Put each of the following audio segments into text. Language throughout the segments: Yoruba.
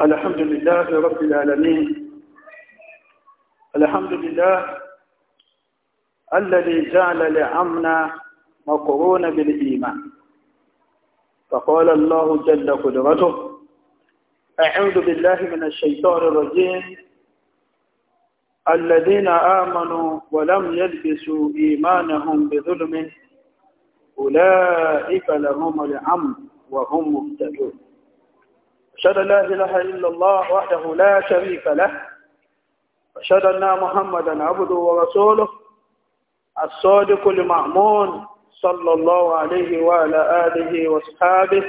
الحمد لله رب العالمين الحمد لله الذي جعل لعمنا مقرون بالإيمان فقال الله جل قدرته أعوذ بالله من الشيطان الرجيم الذين آمنوا ولم يلبسوا إيمانهم بظلم أولئك لهم العمد وهم مهتدون أشهد أن لا إله إلا الله وحده لا شريك له أشهد أن محمدا عبده ورسوله الصادق المأمون صلى الله عليه وعلى آله وأصحابه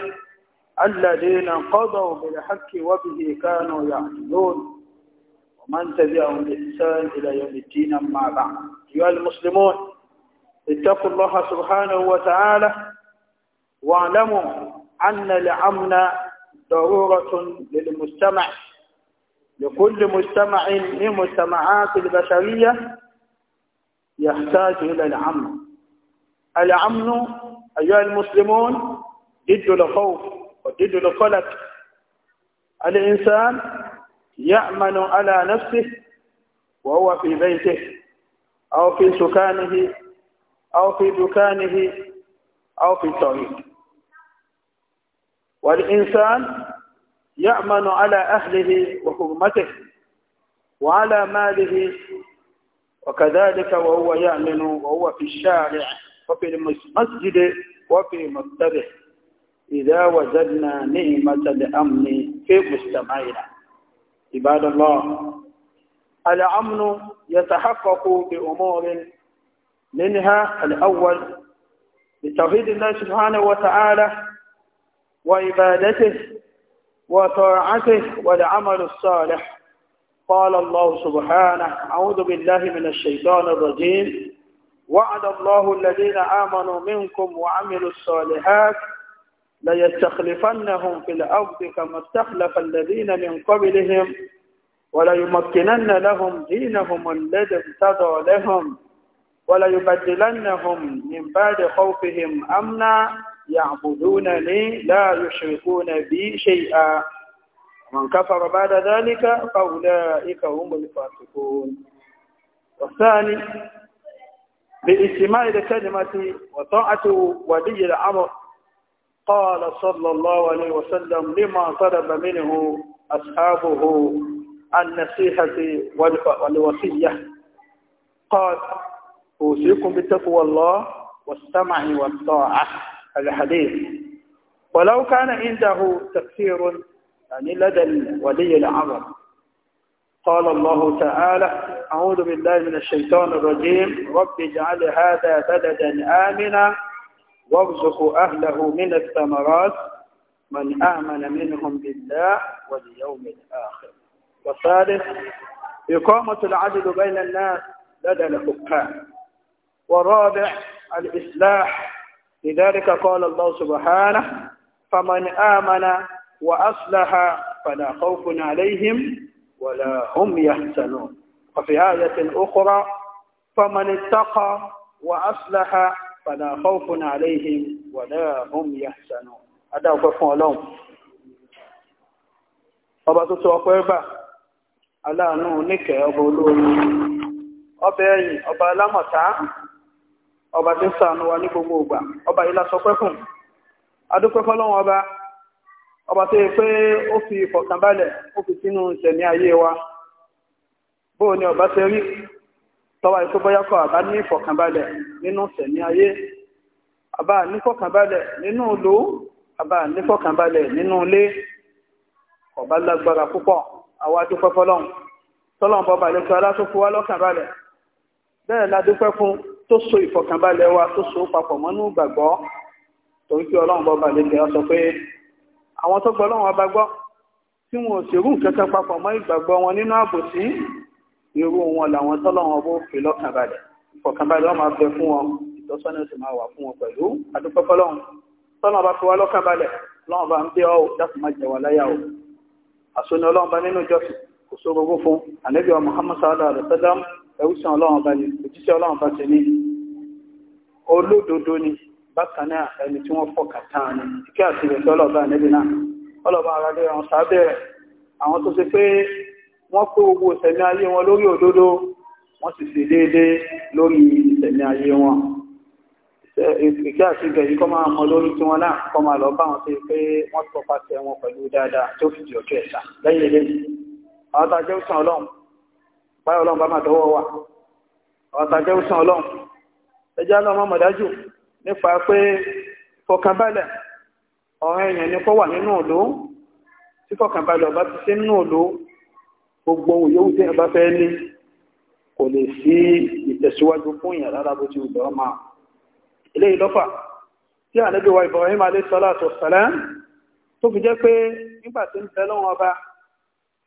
الذين قضوا بالحق وبه كانوا يعدلون ومن تبعهم بإحسان إلى يوم الدين أما بعد أيها المسلمون اتقوا الله سبحانه وتعالى واعلموا أن الأمن ضرورة للمجتمع لكل مجتمع من مجتمعات البشرية يحتاج إلى الأمن الأمن أيها المسلمون ضد الخوف وضد القلق الإنسان يأمن على نفسه وهو في بيته أو في سكانه أو في دكانه أو في الطريق والإنسان يأمن على أهله وحرمته وعلى ماله وكذلك وهو يأمن وهو في الشارع وفي المسجد وفي مكتبه إذا وجدنا نعمة الأمن في مجتمعنا عباد الله الأمن يتحقق بأمور منها الأول بتوحيد الله سبحانه وتعالى وعبادته وطاعته والعمل الصالح قال الله سبحانه أعوذ بالله من الشيطان الرجيم وعد الله الذين آمنوا منكم وعملوا الصالحات ليستخلفنهم في الأرض كما استخلف الذين من قبلهم وليمكنن لهم دينهم الذي ارتضى لهم وليبدلنهم من بعد خوفهم أمنا يعبدونني لا يشركون بي شيئا من كفر بعد ذلك فأولئك هم الفاسقون والثاني باجتماع الكلمة وطاعة ولي الأمر قال صلى الله عليه وسلم لما طلب منه أصحابه النصيحة والوصية قال أوصيكم بتقوى الله والسمع والطاعة الحديث ولو كان عنده تفسير يعني لدى الولي العظم قال الله تعالى أعوذ بالله من الشيطان الرجيم رب اجعل هذا بلدا آمنا وارزق أهله من الثمرات من آمن منهم بالله واليوم الآخر والثالث إقامة العدل بين الناس لدى الحكام والرابع الإصلاح لذلك قال الله سبحانه فمن آمن وأصلح فلا خوف عليهم ولا هم يحزنون وفي آية أخرى فمن اتقى وأصلح فلا خوف عليهم ولا هم يحزنون هذا هو فعلهم لهم tó tó على نونك aláàánú níkẹ̀ẹ́ ọba olóorí ọba tí ń ṣàánú wa ní gbogbo ìgbà ọba yìí lásọ pẹ́kùn adúpẹ́ fọ́lọ́run ọba ọba tó yẹ pé ó fi ìfọ̀kànbalẹ̀ ó fi sínú ìṣẹ̀mí ayé wa bóò ni ọba ṣe rí tọ́wà ìpé bóyá kọ́ àbá ní ìfọ̀kànbalẹ̀ nínú ìṣẹ̀mí ayé àbá nífọ̀kànbalẹ̀ nínú ìlú àbá nífọ̀kànbalẹ̀ nínú ilé ọba lágbára púpọ̀ àwa adúpẹ́ fọ́lọ́run tọ́lọ́run bọba lẹ́kọ̀ọ́ alásòfowá lọ́kànbalẹ̀ la dúpẹ́ tó so ìfọ̀kànbalẹ̀ wa tó so papọ̀ mọ́nú gbàgbọ́ torí pé ọlọ́run bọ́ balẹ̀ tẹ́ ọ sọ pé àwọn tó gbọ́ ọlọ́run ọba gbọ́ tí wọn ò ṣerú nǹkan kan papọ̀ mọ́ ìgbàgbọ́ wọn nínú àbòsí irú wọn làwọn tọ́lọ́run ọba òfè lọ́kànbalẹ̀ ìfọ̀kànbalẹ̀ wọn máa fẹ́ fún wọn ìtọ́sọ́nà sì máa wà fún wọn pẹ̀lú adúpẹ́ fọlọ́run ọba fi wá lọ́kànbalẹ̀ ọlọ́run bá ń bẹ́ ọ́ dákùn má jẹ wá láyà o àsọ̀nà ọlọ́run bá nínú ìjọsìn kò só fún ànábì wa sallallahu alaihi wa sallam ẹ̀wùsàn ọlọ́run bá ní òjíṣẹ́ ọlọ́run bá ti ní olódodo ni bákan náà ẹni tí wọ́n fọ́kà tán ni kí àti ìrẹsẹ́ ọlọ́ba níbi náà ọlọ́ba ara lé àwọn sábẹ́rẹ̀ àwọn tó ṣe pé wọ́n pé owó ìṣẹ̀mí ayé wọn lórí òdodo wọ́n sì sì déédéé lórí ìṣẹ̀mí ayé wọn ìkí àti ìgbẹ̀yí kọ́ máa mọ lórí tí wọ́n náà kọ́ máa lọ bá wọn sí pé wọ́n tọpasẹ̀ wọn pẹ̀lú dáadáa tó fìdí ọjọ́ ẹ̀sà lẹ́yìn eléyìí àwọn tàjẹ́ òsàn ọlọ́run báyọ̀ ọlọ́run bá máa tọwọ́ wà ọ̀tàjẹ́ òsàn ọlọ́run ẹjá lọ́mọ mọ̀dájú nípa pé fọkànbalẹ̀ ọ̀rọ̀ èèyàn ní kọ́ wà nínú òlò tí fọkànbalẹ̀ ọba ti sí nínú òlò gbogbo ohun yòówù tí ẹ̀bá fẹ́ ní kò lè sí ìtẹ̀síwájú fún èèyàn rárá bó ti wùdọ̀ ọmọ ilé ìlọ́fà tí ànábì wa Ibrahim alayhi salatu wassalam tó fi jẹ́ pé nígbà tí ń bẹ lọ́wọ́ ọba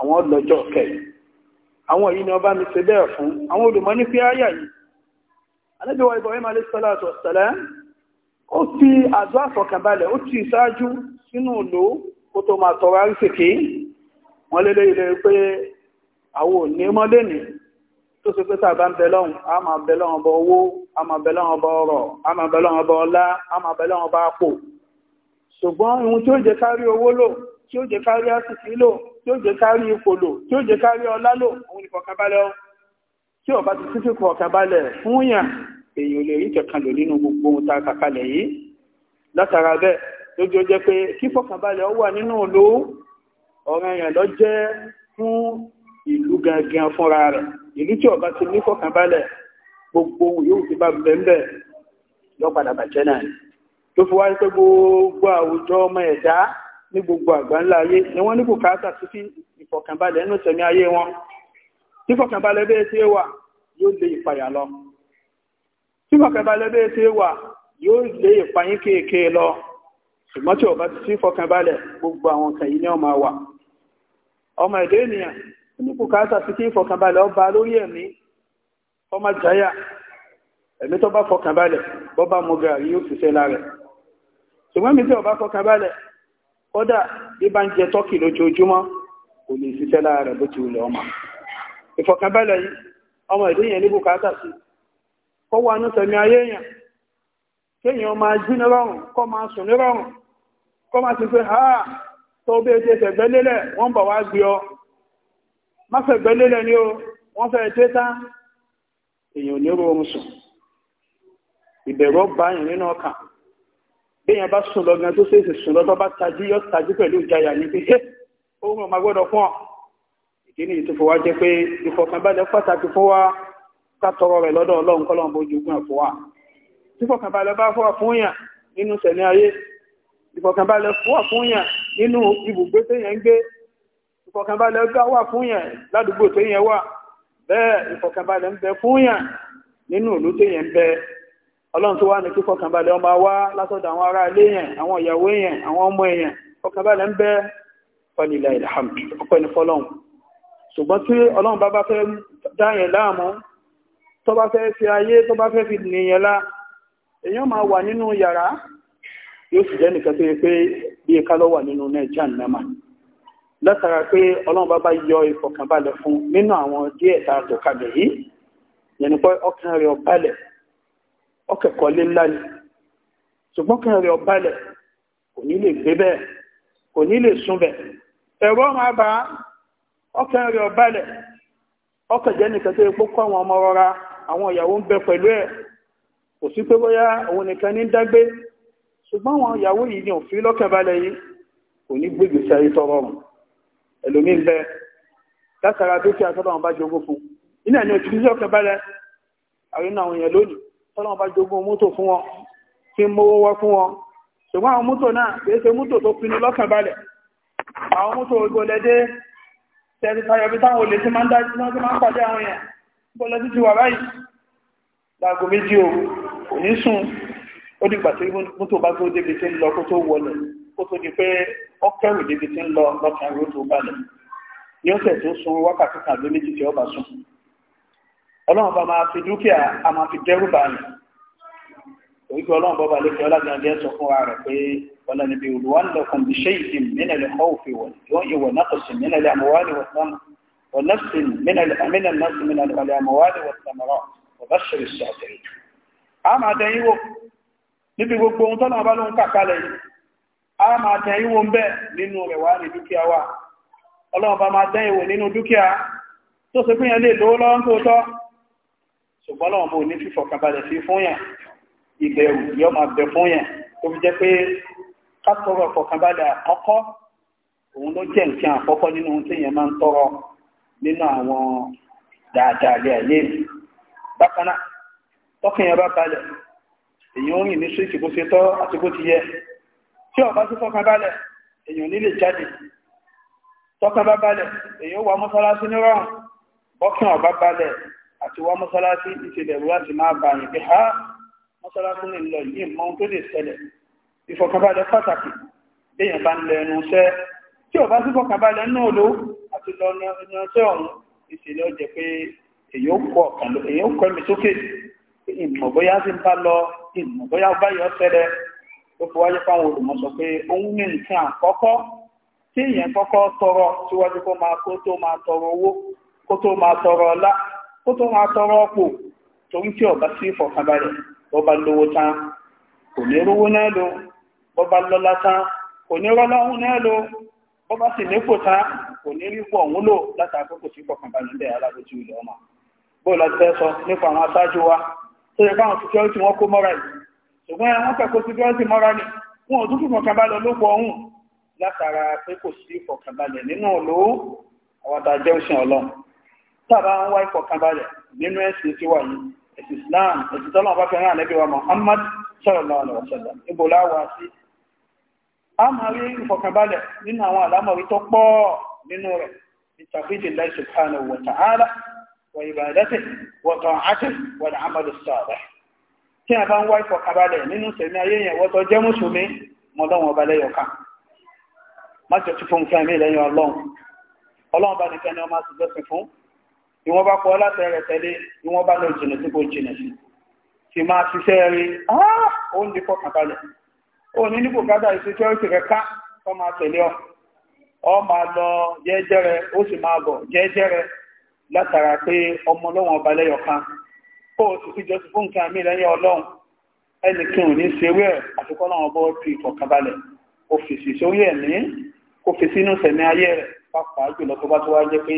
àwọn lọ́jọ́ kẹyìn àwọn yìí ni ọba mi ṣe bẹ́ẹ̀ fún àwọn olùmọ́ ní pé áyà yìí anábíwá Ibrahim alayhi salatu wassalam ó fi àdó àfọ̀kànbalẹ̀ ó ti ìṣáájú sínú ìlú ó tó máa tọrọ àríṣèké wọn lélẹ̀ ilẹ̀ pé àwọn ò ní mọ́lé ní tó ṣe pé tàbá ń bẹ lọ́hùn a máa bẹ lọ́hùn ọba owó a máa bẹ lọ́hùn ọba ọrọ̀ a máa bẹ lọ́hùn ọba ọlá a máa bẹ lọ́hùn ọba àpò ṣùgbọ́n ohun tí ó jẹ kárí owó lò tí ó jẹ́ kárí àsìkí lò tí ó jẹ́ kárí ipò lò tí ó jẹ́ kárí ọlá lò òun ni fọkànbalẹ̀ tí ọba ti tún fi fọkànbalẹ̀ fún yàn èèyàn lè rí kẹkàn lò nínú gbogbo ohun tá a kàkalẹ̀ yìí látara bẹ́ẹ̀ lójú ó jẹ́ pé kí fọkànbalẹ̀ ó wà nínú ìlú ọ̀ràn yàn lọ jẹ́ fún ìlú gangan fúnra rẹ̀ ìlú tí ọba ti ní fọkànbalẹ̀ gbogbo ohun yóò ti bá bẹ́ẹ̀ lọ padà bàjẹ́ náà ló fi wáyé pé gbogbo àwùjọ ọmọ ẹ̀dá ní gbogbo àgbáńlá ayé ni wọ́n ní bùkátà sí fi ìfọ̀kànbalẹ̀ nínú tẹ̀mí ayé wọn tí fọ̀kànbalẹ̀ bẹ́ẹ̀ tí ó wà yóò lé ìpayà lọ tí fọ̀kànbalẹ̀ bẹ́ẹ̀ tí ó wà yóò lé ìpayín kéèké lọ ṣùgbọ́n tí ó bá ti sí fọ̀kànbalẹ̀ gbogbo àwọn nǹkan yìí ni ó máa wà ọmọ èdè ènìyàn ní bùkátà sí kí ìfọ̀kànbalẹ̀ ọba lórí ẹ̀mí ọmọ jaya ẹ̀mí tó bá fọ̀kànbalẹ̀ bọ́ bá mọ gàrí yóò fi sẹ́lá rẹ̀ ṣùgbọ́n mi tí ó bá fọ̀kànbalẹ̀ kódà bí bá ń jẹ tọ́kì lójoojúmọ́ kò lè ṣiṣẹ́ lára bó ti wùlẹ̀ ọmọ yìí ọmọ ìdí yẹn ní bùkátà sí kó wà ní sẹ̀mí ayé èèyàn kéèyàn ọmọ jí ní rọrùn máa sùn ní máa ti pé ha tó bí wọ́n bọ̀ wá gbé ọ má ni wọ́n fẹ́ tán èèyàn ní rọrùn sùn béèyàn bá sùn lọ gan tó ṣèṣì sùn lọ tó bá tajú yọ tajú pẹ̀lú ìjayà ní pé ṣé òun ọmọ gbọ́dọ̀ fún ọ ìdí nìyí tó fi wá jẹ́ pé ìfọ̀kànbalẹ̀ pàtàkì fún wa ká tọrọ rẹ̀ lọ́dọ̀ Ọlọ́run kọlọrun bójú gùn fún wa ìfọ̀kànbalẹ̀ bá fún wa fún yàn nínú sẹmí ayé ìfọ̀kànbalẹ̀ fún wa fún yàn nínú ibùgbé téèyàn ń gbé ìfọ̀kànbalẹ̀ wà wà fún yàn ọlọ́run tó wá ní kíkọ́ kànbalẹ̀ ọmọ wá látọ̀dọ̀ àwọn ará ilé yẹn àwọn ìyàwó yẹn àwọn ọmọ èèyàn ọkànbalẹ̀ ń bẹ pẹ̀lìlà ìlàhàmù ọpẹ́ ní fọ́lọ́run ṣùgbọ́n tí ọlọ́run bá bá fẹ́ dáyẹn láàmú tó bá fẹ́ fi ayé tó bá fẹ́ fi nìyẹn lá èèyàn máa wà nínú yàrá yóò sì jẹ́ nìkan tó yẹ pé bí ká lọ wà nínú náà jàǹdàmà látara pé ọlọ́run bá bá yọ ìfọ̀kànbalẹ̀ fún nínú àwọn díẹ̀ tá a yìí yẹn ni pé ọkàn rẹ̀ ọbalẹ̀ ọkẹ̀kọ́lé ńlá ni ṣùgbọ́n kí rẹ̀ ọbalẹ̀ kò ní lè gbé bẹ́ẹ̀ kò ní lè sùn bẹ̀ ẹ̀rọ ọ̀rọ̀ àbá ọkẹ̀ rẹ̀ ọbalẹ̀ ọkẹ̀ jẹ́ nìkan tó epo kọ́ àwọn ọmọ rọra àwọn ìyàwó ń bẹ pẹ̀lú ẹ̀ kò sí pé bóyá òun nìkan ní dágbé ṣùgbọ́n àwọn ìyàwó yìí ni òfin lọ́kẹ̀ balẹ̀ yìí kò ní gbégbé sí ayé tọrọ rùn ẹlòmí bẹ látara dúkìá tọ́lọ́run bá jogún fún iná ni òtún sí ọkẹ̀ lónìí tọ́lọ́wọ́n bá jogún mọ́tò fún wọn tí mówó wọ́ fún wọn ṣùgbọ́n àwọn mọ́tò náà kìí ṣe mọ́tò tó pinnu lọ́kàn balẹ̀ àwọn mọ́tò ìgbòlẹ́dé tẹ́lifáyọ̀bí táwọn olè tí máa ń dájú náà tí máa ń pàdé àwọn èèyàn gbọ́lẹ́dí ti wà báyìí láago méjì o kò ní sùn ó dìgbà tí mọ́tò bá tó débi tí ń lọ kó tó wọlé kó tó di pé ó kẹrù débi tí ń lọ lọ́kàn ró tó balẹ̀ ní ọ̀sẹ̀ tó sun wákàtí kan ló méjì tí ó bá sùn ọlọ́run bá máa fi dúkìá a máa fi dẹ́rù báyìí oríkì ọlọ́run bá balẹ̀ fi ọlágbàgbẹ́ sọ fún wa rẹ̀ pé ọlọ́run níbi olùwànlọ́kùn bí ṣe ìdí mínàlẹ̀ ọ̀fẹ́ ìwọ̀ nàkọ̀sí mínàlẹ̀ àmọ́wálì wọ̀sánmà ونفس من من الناس من الأموال والثمرات وبشر الصابرين a máa dẹ̀ yín wò níbi gbogbo ohun tọ́nà bá ló ń kà kalẹ̀ yìí a máa dẹ̀ yín wò ń bẹ nínú rẹ̀ wá ní dúkìá wa ọlọ́run máa dẹ̀ yín nínú dúkìá tó ṣe fún yẹn lè lówó lọ́wọ́ tó tọ́ ṣùgbọ́n lọ́wọ́n bó ní fífọ̀kànbalẹ̀ sí fún yàn ìbẹ̀rù yóò máa bẹ fún yàn tó fi jẹ́ pé ká tọrọ ìfọ̀kànbalẹ̀ àkọ́kọ́ òun ló jẹ́ nǹkan àkọ́kọ́ nínú ohun téèyàn máa ń tọrọ nínú àwọn dáadáa ilé ayé bákan náà tọkàn yẹn bá balẹ̀ èèyàn ń rìn ní síìtì bó ṣe tọ́ àti bó ti yẹ tí ó bá fọkàn balẹ̀ èèyàn nílé jáde tọkàn bá balẹ̀ èèyàn wà mọ́sálásí nírọ̀rùn bọ́kàn ó balẹ̀ àti wá mọ́sálásí ìṣẹ̀lẹ̀rú láti máa bá yìí pé ha mọ́sálásí ní lọ yìí mọ́ tó lè ṣẹlẹ̀ ìfọ̀kànbalẹ̀ pàtàkì èèyàn bá ń lẹ ẹnu iṣẹ́ tí ò bá sí fọ̀kànbalẹ̀ náà ló àti lọ ẹnu iṣẹ́ ọ̀hún ìṣẹ̀lẹ̀ ọjẹ́ pé èèyàn kọ ẹ̀mí sókè ìmọ̀ bóyá sí ń bá lọ ìmọ̀ bóyá bá yọ ṣẹlẹ̀ ó fi wáyé fáwọn olùmọ̀ sọ pé òun ní nǹkan àkọ́kọ́ tí èèyàn kọ́kọ́ tọrọ síwájú kó máa kó tó máa tọrọ owó kó tó máa tọrọ ó tó máa tọrọ ọ̀pọ̀ tó ń ọba sí ìfọ̀kànbalẹ̀ bọ́ba lówó tán kò ní rówó náà lò bọ́ba lọ́lá tán kò ní rọ́lá òun náà lò bọ́ba sì nípò tán kò ní rípò ọ̀hún lò alábòjú ilẹ̀ ọmọ fẹ́ sọ nípa àwọn aṣáájú wa tó yẹ káwọn security wọn kó mọ́ra yìí ṣùgbọ́n wọn kẹ́kọ̀ọ́ security mọ́ra ni wọn ò lóko ọ̀hún látara pé kò sí nínú tàbá ń wá ìfọ̀kànbalẹ̀ nínú ẹ̀sìn tí wà yìí ẹ̀sìn Islam ẹ̀sìn tọ́lá ọba fẹ́ràn àlẹ́bí wa Muhammad sallallahu alaihi wasallam níbo láwà sí a máa rí ìfọ̀kànbalẹ̀ nínú àwọn àlámọ̀rí tó pọ̀ nínú rẹ̀ ìtàkìjì Allah subhanahu wa ta'ala wa ibadatihi wa ta'atihi wa al-amal as-salih tí a bá ń wá ìfọ̀kànbalẹ̀ nínú sẹ̀mí ayé yẹn wọ́tọ̀ jẹ́ mùsùlùmí mọ́lọ́wọ́n ọba lẹ́yọ̀kan má jẹ́ tí fún fẹ́mi lẹ́yìn ọlọ́run ọlọ́run bá nìkan ni ọmọ àti jọ́sìn fún ni wọ́n bá kọ́ látẹ̀ rẹ̀ tẹ́lé ni wọ́n bá lọ jìnà tí kò jìnà sí ti máa ṣiṣẹ́ rí ah! ó ń dikọ́ kàbalẹ̀ ó ní nípò kádà ìṣiṣẹ́ ó sì rẹ̀ ká tó máa tẹ̀lé ọ ọ máa lọ jẹ́jẹ́rẹ́ ó sì máa bọ̀ jẹ́jẹ́rẹ́ látara pé ọmọ ọlọ́wọ̀n ọba lẹ́yọ̀ kan kó o sì fi jọ sí fún nǹkan mi lẹ́yìn ọlọ́run ẹnìkan ò ní ṣerú ẹ̀ àfikọ́ náà bọ́ fi ìfọ̀kànbalẹ̀ kò fèsì sórí ẹ̀mí kò fèsì inú sẹ̀mí ayé rẹ̀ pàápàá jùlọ tó bá tó wá jẹ́ pé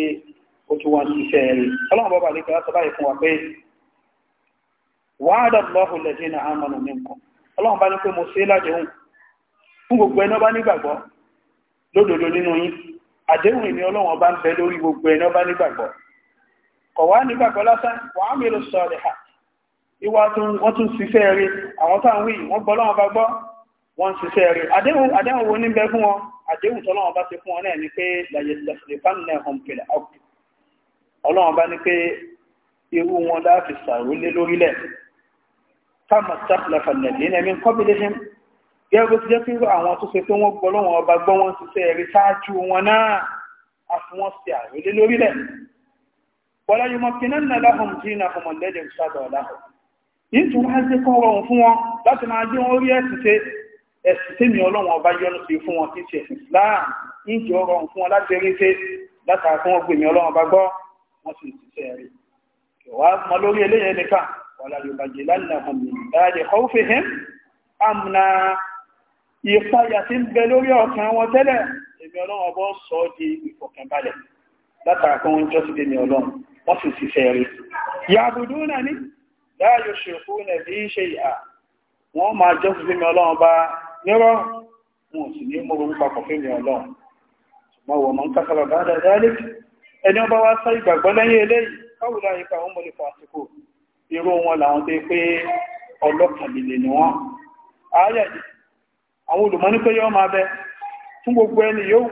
ó tún wá ṣiṣẹ́ rẹ̀ ọlọ́run bọ́bá lè kẹ́lá sọ́bá ìfún wa pé wàádà lọ́hùn lẹ́jẹ́ náà àmọ́nà ní nǹkan ọlọ́run bá ní pé mo ṣe lájẹun fún gbogbo ẹni ọba nígbàgbọ́ lódodo nínú yín àdéhùn ìní ọlọ́run ọba ń bẹ lórí gbogbo ẹni ọba nígbàgbọ́ kọ̀ wá nígbàgbọ́ lásán wàá mélòó sọ rẹ̀ hà ìwà wọ́n tún ṣiṣẹ́ rẹ̀ àwọn táwọn wí wọ́n gbọ́ lọ́wọ́ bá gbọ́ wọ́n ṣiṣẹ́ rẹ̀ àdéhùn àdéhùn wo ní bẹ fún wọn àdéhùn tọ́lọ́wọ́n bá ṣe fún wọn náà ni pé làyẹ̀sìlẹ̀fánilẹ̀ hàn pẹ̀lẹ̀ ọlọ́run bá ní pé irú wọn láti sàrólé lórílẹ̀ táàmù sáfìlàfà nàìjíríà ní kọ́bílẹ́ṣẹ́ gẹ́gẹ́ bó ti jẹ́ pé àwọn tó ṣe pé wọ́n gbọ́ lọ́wọ́n ọba gbọ́ wọn ṣiṣẹ́ rí ṣáájú wọn náà a fún wọn ṣe àrólé lórílẹ̀ wọ́lá yóò mọ kí náà nà láhùn jí náà fọmọ lẹ́dẹ̀ ṣáàdọ̀ láhùn yìí tún wá sí kọ́ rọrùn fún wọn láti máa jẹ́ wọn rí ẹ̀sìn ṣe ẹ̀sìn tèmi ọba yọ́nú sí fún wọn tí ṣe ẹ̀sìn Islam yìí rọrùn fún wọn láti rí ṣe látàrí fún wọn gbèmí ọlọ́run ọba gbọ́ wọ́n sì ṣiṣẹ́ rẹ̀ wà mọ lórí eléyẹ nìkan wàlá yóò bàjẹ́ lánàá hàn mí dáadé kọ́ọ̀fẹ́ hẹ́m àmúna ìpayà tí ń bẹ lórí ọ̀kan wọn tẹ́lẹ̀ èmi ọlọ́run ọbọ̀ sọ di ìfọ̀kànbalẹ̀ látara kan wọn jọ́ sí ní láàyò ṣèkú náà ṣe ìhà wọ́n máa jọ́ sí èmi ọlọ́run bá nírọ̀ wọn ò ní mọ̀rọ̀ nípa kọ̀fẹ́ mi ọlọ́run ṣùgbọ́n wọ́n máa ń kására bá dáadáa ẹni ọba wá sọ ìgbàgbọ́ lẹ́yìn eléyìí káwùlá ipa òun mọ̀lẹ̀ fàásìkò irú wọn làwọn tó pé ọlọ́kànlélẹ̀ ni wọ́n ààyè àwọn olùmọ́ ní pé yọ́ máa bẹ fún gbogbo ẹni yóò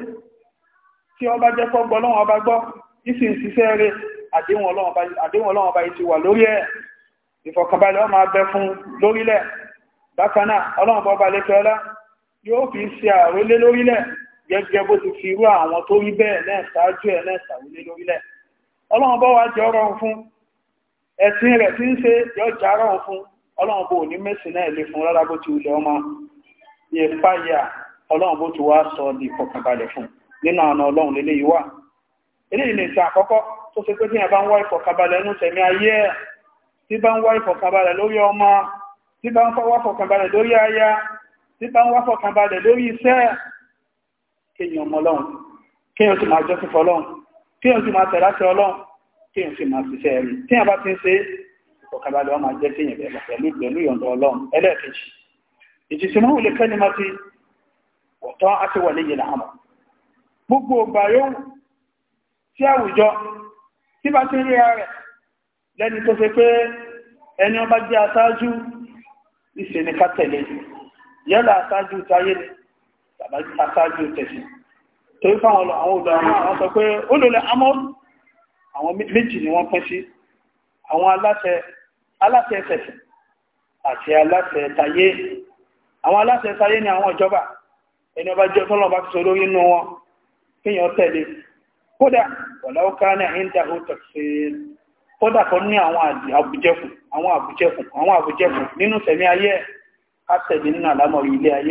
tí ọba jẹ́ kọ́ gbọ́ lọ́wọ́ ọba gbọ́ ìsìn ṣiṣẹ́ rẹ̀ àdéhùn ọlọ́wọ́ ọba yìí ti wà lórí ẹ̀ ìfọ̀kànbalẹ̀ ọmọ abẹ fún lórílẹ̀ bákan náà ọlọ́wọ́ ọba lẹ́fẹ́ ọlá yóò fi ṣe àrólé lórílẹ̀ gẹ́gẹ́ bó ti fi irú àwọn tó rí bẹ́ẹ̀ náà ṣáájú ẹ̀ náà ṣàwọlé lórílẹ̀ ọlọ́run bọ́ wá jẹ́ ọrọ̀run fún ẹ̀sìn rẹ̀ tí ń ṣe yọ jà rọrùn fún ọlọ́run bó ní mẹ́sìn náà lè fún rárá bó ti wulẹ̀ ọmọ ìfàyà ọlọ́run bó ti wá sọ di ìfọ̀kànbalẹ̀ fún nínú àna ọlọ́run lélẹ́ yìí wà eléyìí lè ta àkọ́kọ́ tó ṣe pé tíyàn bá ń wá ìfọ̀kànbalẹ̀ nínú tẹ̀mí ayé ẹ̀ tí bá ń wá ìfọ̀kànbalẹ̀ lórí ọmọ tí bá ń wá ìfọ̀kànbalẹ̀ lórí aya tí bá ń wá ìfọ̀kànbalẹ̀ lórí iṣẹ́ kéèyàn ọmọ ọlọ́run kéèyàn sì máa jọ́sìn fọlọ́run kéèyàn sì máa tẹ̀láṣẹ ọlọ́run kéèyàn sì máa ṣiṣẹ́ rí téèyàn bá ti ń ṣe ìfọ̀kàbalẹ̀ ọmọ ajẹ́ kéèyàn bẹ̀rẹ̀ pẹ̀lú pẹ̀lú ìyọ̀ǹda ọlọ́run ẹlẹ́ẹ̀kejì ìjìsìmọ́ òlè kẹ́ni máa ti ọ̀tọ́ àti wà léyìn làmọ̀ gbogbo ọgbà yóò tí àwùjọ tí bá ti rí ààrẹ lẹ́ni tó ṣe pé ẹni ọba jẹ́ aṣáájú ìṣẹ̀nìkà tẹ̀lé yálà aṣáájú táyé ni bàbá sáájú tẹ̀sí torí fáwọn àwọn ọ̀dọ̀ àwọn sọ pé ó lòlẹ̀ amọ́ àwọn méjì ni wọ́n pín sí àwọn aláṣẹ àti aláṣẹ ẹtayé àwọn aláṣẹ ẹtayé ni àwọn ìjọba ẹni ọba jẹ́ tọ́lọ̀ lórí inú wọn tẹ̀lé kódà ní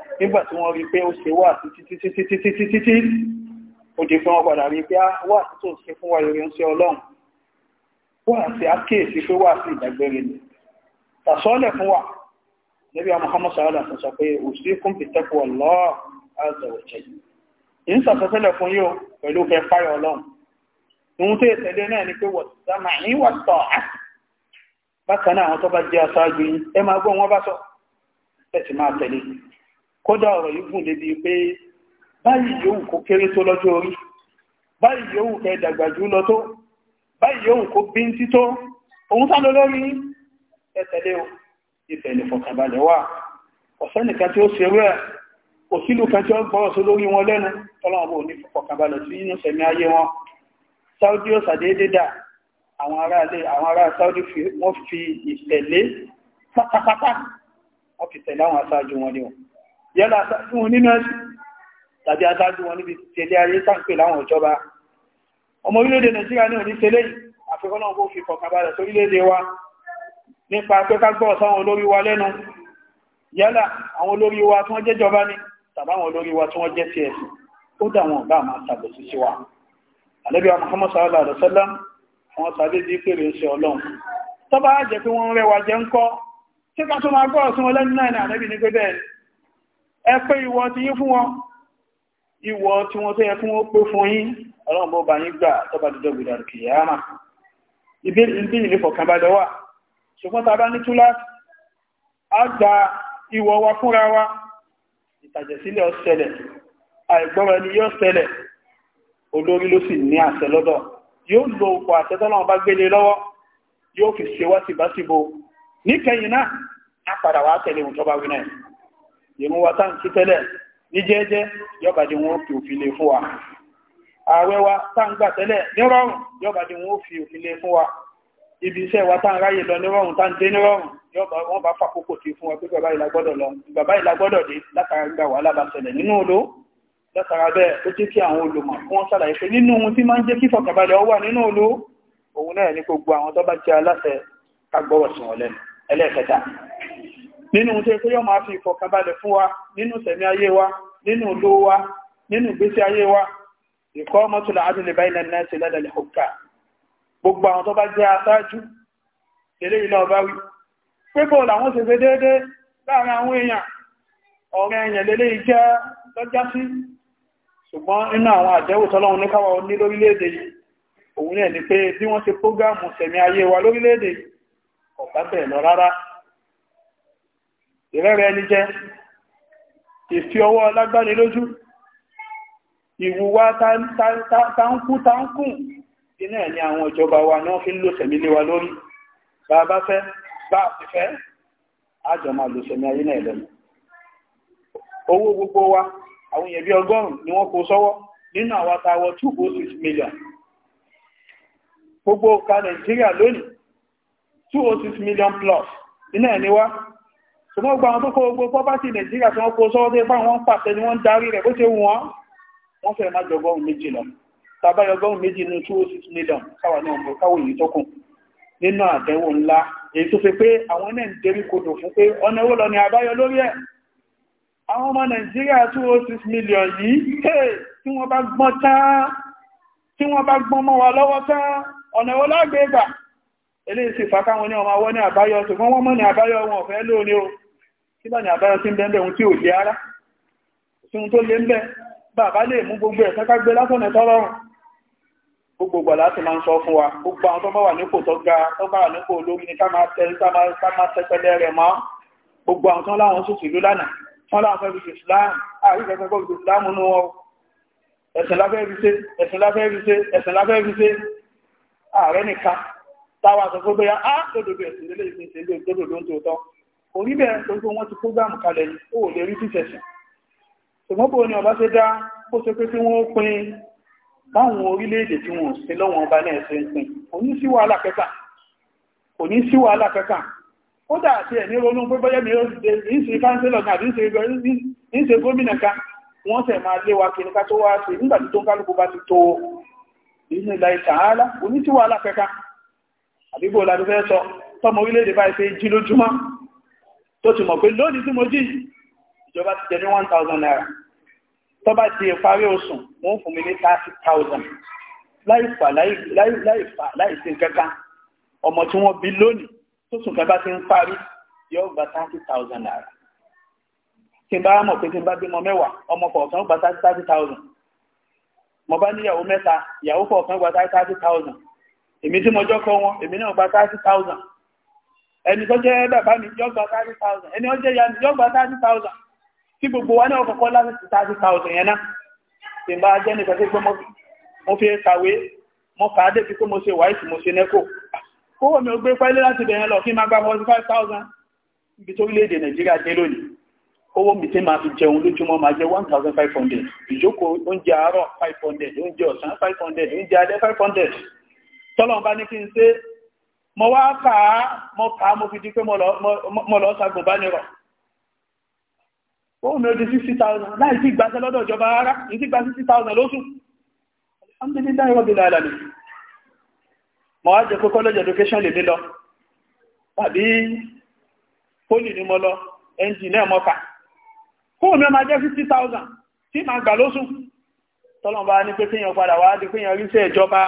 nígbà tí wọ́n rí pé ó ṣe wà títítítítítítítí ó di fún wọn padà rí pé ah, wà tí tó ṣe fún wa ìrìn sí ọlọ́run wà sí àkíyèsí pé wà sí ìdàgbére ni tàṣọ́lẹ̀ fún wa níbi àwọn Muhammad sàrọ́lá sọ pé òsì kún fi tẹ́kù ọlọ́ àzọ̀wọ̀jẹ̀ yìí ń sàtọ́sílẹ̀ fún yóò pẹ̀lú fẹ́ fáyọ̀ ọlọ́run ohun tó ìtẹ̀lé náà ni pé wọ̀tàmà ní wọ̀tọ̀ bákan máa tẹ̀lé kódà ọ̀rọ̀ yìí gùn débi pé báyìí yòówù kó kéré tó lọ́jọ́ orí báyìí yòówù kẹ dàgbà jù lọ tó báyìí yòówù kó bíntín tó òun sá lọ lórí ẹtẹ̀lé o ìfẹ̀lẹ̀ fọ̀kànbalẹ̀ wà ọ̀sẹ́nìkan tí ó ṣe rẹ̀ òsìlú kan tí ó gbọ́rọ̀ sí lórí wọn lẹ́nu tọ́lọ́wọ́ ní fọ̀kànbalẹ̀ sí inú sẹ̀mí ayé wọn Saudi yẹ́lá fún wọn nínú ẹ̀sùn tàbí adájú wọn níbi tẹ̀lé ayé sáǹpẹ̀ láwọn ìjọba ọmọ orílẹ̀-èdè Nàìjíríà ní òní tẹ́lẹ̀ àfikọ́nà ó fi fọ̀kànbalẹ̀ sórílẹ̀-èdè wa nípa pé ká gbọ́ sáwọn olórí wa lẹ́nu yálà jẹ́ ni tàbáwọn olórí wa tí wọ́n jẹ́ ts ó dà wọn wa alẹ́bí wa Muhammad sallallahu alaihi wasallam wọn sàbí bí pèrè ń ṣe ọlọ́run tó bá jẹ́ pé wọ́n rẹwà jẹ́ ń kọ́ tí ká tó máa gbọ́ ọ̀sán ọlẹ́nu náà ní àlẹ́bí ní pé ẹ pé ìwọ̀ ti yín fún wọn ìwọ̀ tí wọ́n tó yẹ fún ó pé fún yín ọlọ́run bọ́ bá yín gbà tó bá dúdọ́ gbìdà rẹ̀ kìyàmà ibi ìlú fọ̀kan bá dọ́wà ṣùgbọ́n ni yóò ṣẹlẹ̀ olórí ló sì ní àṣẹ lọ́dọ̀ yóò lo ọ̀pọ̀ àṣẹ tọ́lọ́run bá gbélé lọ́wọ́ fi ṣe wá sí bá síbo níkẹyìn náà á padà wá tẹ̀lé ohun tó bá wí ìrún wa tá ń kí tẹ́lẹ̀ ní jẹ́ẹ́jẹ́ yọba di wọn fi òfin lè fún wa ààwẹ̀ wa tá ń gbà tẹ́lẹ̀ nírọ̀rùn yọba di wọn fi òfin lè fún wa ibi iṣẹ́ wa tá ń ráyè lọ nírọ̀rùn tá ń dé nírọ̀rùn yọba wọn bá fàkókò tí fún wa pé bàbá ìlà gbọ́dọ̀ lọ bàbá ìlà gbọ́dọ̀ dé látara gbà wà lábàṣẹlẹ̀ nínú olo látara bẹ́ẹ̀ ó jẹ́ kí àwọn olùmọ̀ kí wọ́n ṣàlàyé pé nínú ohun tí máa ń jẹ́ kí fọkànbalẹ̀ ó wà nínú olo òun náà ní gbogbo àwọn tó bá jẹ́ aláṣẹ ká gbọ́rọ̀ sí wọn lẹ́nu ẹlẹ́ẹ̀kẹta nínú tó pé yọ́ máa fi ìfọ̀kànbalẹ̀ fún wa nínú sẹ̀mí ayé wa nínú ìlú wa nínú ìgbésí ayé wa ìkọ́ ọmọ tó là ádùn lè bá ilẹ̀ náà sí lẹ́dàlẹ̀ ọ̀gá gbogbo àwọn tó bá jẹ́ aṣáájú eré ilẹ̀ ọba wí pé bó làwọn ṣe fẹ́ déédéé láàrin àwọn èèyàn ọ̀rẹ́ èèyàn lélẹ́ ìjẹ́ lọ́jà sí ṣùgbọ́n inú àwọn àdẹ́wò tọ́lọ́run ní káwa ní lórílẹ̀-èdè yìí òun náà ni pé bí wọ́n ṣe prógáàmù sẹ̀mí ayé wa lórílẹ̀-èdè yìí ọ̀gá bẹ̀rẹ̀ lọ rárá ìrẹ́rẹ́ ẹni jẹ́ ìfi ọwọ́ lágbáni lójú ìwùwá táńkú táńkù iná ẹ̀ ni àwọn ìjọba wa náà fi ń lò sẹ̀mí lé wa lórí bá a bá fẹ́ bá a ti fẹ́ àjọ máa lò sẹ̀mí ayé náà lẹ́nu owó gbogbo wa àwọn èèyàn bí ọgọ́rùn-ún ni wọ́n kó sọ́wọ́ nínú àwọn àtàwọ̀ 206 million gbogbo ọ̀ka Nàìjíríà lónìí 206 million plus iná ẹ̀ wá ṣùgbọ́n gba àwọn tó kó gbogbo pọ́pátì nàìjíríà tí wọ́n kó sọ́wọ́ tó bá wọn pàṣẹ ni wọ́n darí rẹ̀ bó ṣe wù wọ́n wọ́n fẹ́ má jọgọ́rùn méjì lọ tàbá jọgọ́rùn méjì ní 206 million káwà náà mọ̀ káwò yìí tó kùn nínú àtẹ́wò ńlá èyí tó fi pé àwọn náà ń dérí kodò fún pé ọ̀nà owó lọ ni àbáyọ lórí ẹ̀ àwọn ọmọ nàìjíríà 206 million yìí tí wọ́n bá gbọ́n tán tí wọ́n bá gbọ́n mọ́ wa lọ́wọ́ tán ọ̀nà owó lágbègbà eléyìí sì fà káwọn ní ọmọ wọ́n ní àbáyọ ṣùgbọ́n wọ́n mọ́ ní àbáyọ wọn ọ̀fẹ́ lónìí o kí bá ní àbáyọ tí ń bẹ́ẹ̀ bẹ́ẹ̀ tí ò lé ara ṣun tó lé ń bẹ́ bàbá lè mú gbogbo ẹ̀sán ká gbé lásọ̀nà tọ́rọrùn gbogbo láti máa ń sọ fún wa gbogbo àwọn tó bá wà nípò tó ga tó bá wà nípò olórí ni ká máa tẹ́pẹ́lẹ́ rẹ̀ mọ́ gbogbo àwọn tó láwọn sùsù ìlú lánàá wọ́n láwọn fẹ́ fi ṣe islam àrí ìfẹ́ fẹ́ fi islam nú wọn ẹ̀sìn láfẹ́ fi ṣe ẹ̀sìn láfẹ́ fi ṣe ẹ̀sìn láfẹ́ fi ṣe ààrẹ nìkan táwa sọ fún bóyá á tó dòdò ẹ̀sìn lélẹ́yìn tó dòdò ń tòótọ́ orí bẹ̀rẹ̀ torí wọ́n ti prógámù kalẹ̀ ní ó lè rí títẹ̀sìn ṣùgbọ́n bó ni ọba ṣe dá ó ṣe pé kí wọ́n pín báwọn orílẹ̀-èdè tí wọ́n sí lọ́wọ́n ọba náà ṣe ń pín kò ní sí wàhálà kẹta kò ní sí wàhálà kẹta ó dà àti ẹ̀ ní ronú pé bọ́yẹ́ mi ń ṣe káńsílọ̀ àbí ń ṣe gómìnà kan wọ́n sẹ̀ máa lé wa kìíní ká tó wá sí nígbà tí tó ń kálukú bá ti tó ìsinmi ìlà ìtàhálà kò ní sí wàhálà kẹta àbígbò làbí fẹ́ sọ tọmọ orílẹ̀-èdè báyìí ṣe jí lójúmọ́ tó ti mọ̀ pé lónìí tí mo jí ìjọba ti jẹ ní 1000 naira tó bá ti parí oṣù wọ́n fún mi ní 30,000 láìfà láìfà láìsí kẹta ọmọ tí wọ́n bí lónìí tó sùn kẹta ti ń parí yóò gba 30,000 naira tí n bá mọ̀ pé tí n bá bímọ mẹ́wàá ọmọ kọ̀ọ̀kan gba 30,000 mo bá níyàwó mẹ́ta ìyàwó kọ̀ọ̀kan gba 30,000 èmi tí mo jọ́ kọ́ wọn èmi náà gba 30,000 ẹni tó jẹ́ bàbá mi yọ gba thirty thousand ẹni ọjẹ́ ìyá mi yọ gba thirty thousand kí gbogbo wa náà kọ́kọ́ láti sí thirty thousand yẹn náà tí n bá jẹ́ nìkan tó gbé mo fi kàwé mo kà á débi pé mo ṣe wáìsì mo ṣe nẹ́kò kówó mi ò gbé pẹ́lú láti bẹ̀rẹ̀ lọ kí n máa gba forty five thousand ibi tó léde nàìjíríà dé lónìí owó mi tí máa fi jẹun lójúmọ́ máa jẹ́ one thousand five hundred ìjókòó oúnjẹ àárọ̀ five hundred oúnjẹ ọ̀sán five hundred oúnjẹ alẹ́ five hundred tọ́lọ́mbá ní kí n ṣe mo wá kà á mo kà á mo fi di pé mo lọ ṣàgbọ̀bánirọ̀ wọ́n mi ó di 60,000 láì sí ìgbàṣẹ́ lọ́dọ̀ ìjọba ara ní sí gba 60,000 lóṣù alhamdulillah rabbil alamin mọ̀ wá jẹ́ pé college education lè mí lọ tàbí poli ni mo lọ engineer mọ́ka fóòn mi ó máa jẹ́ 60,000 tí máa gbà lóṣù tọ́lọ̀mbá ní pé kíyàn padà wá di kíyàn rí sí ìjọba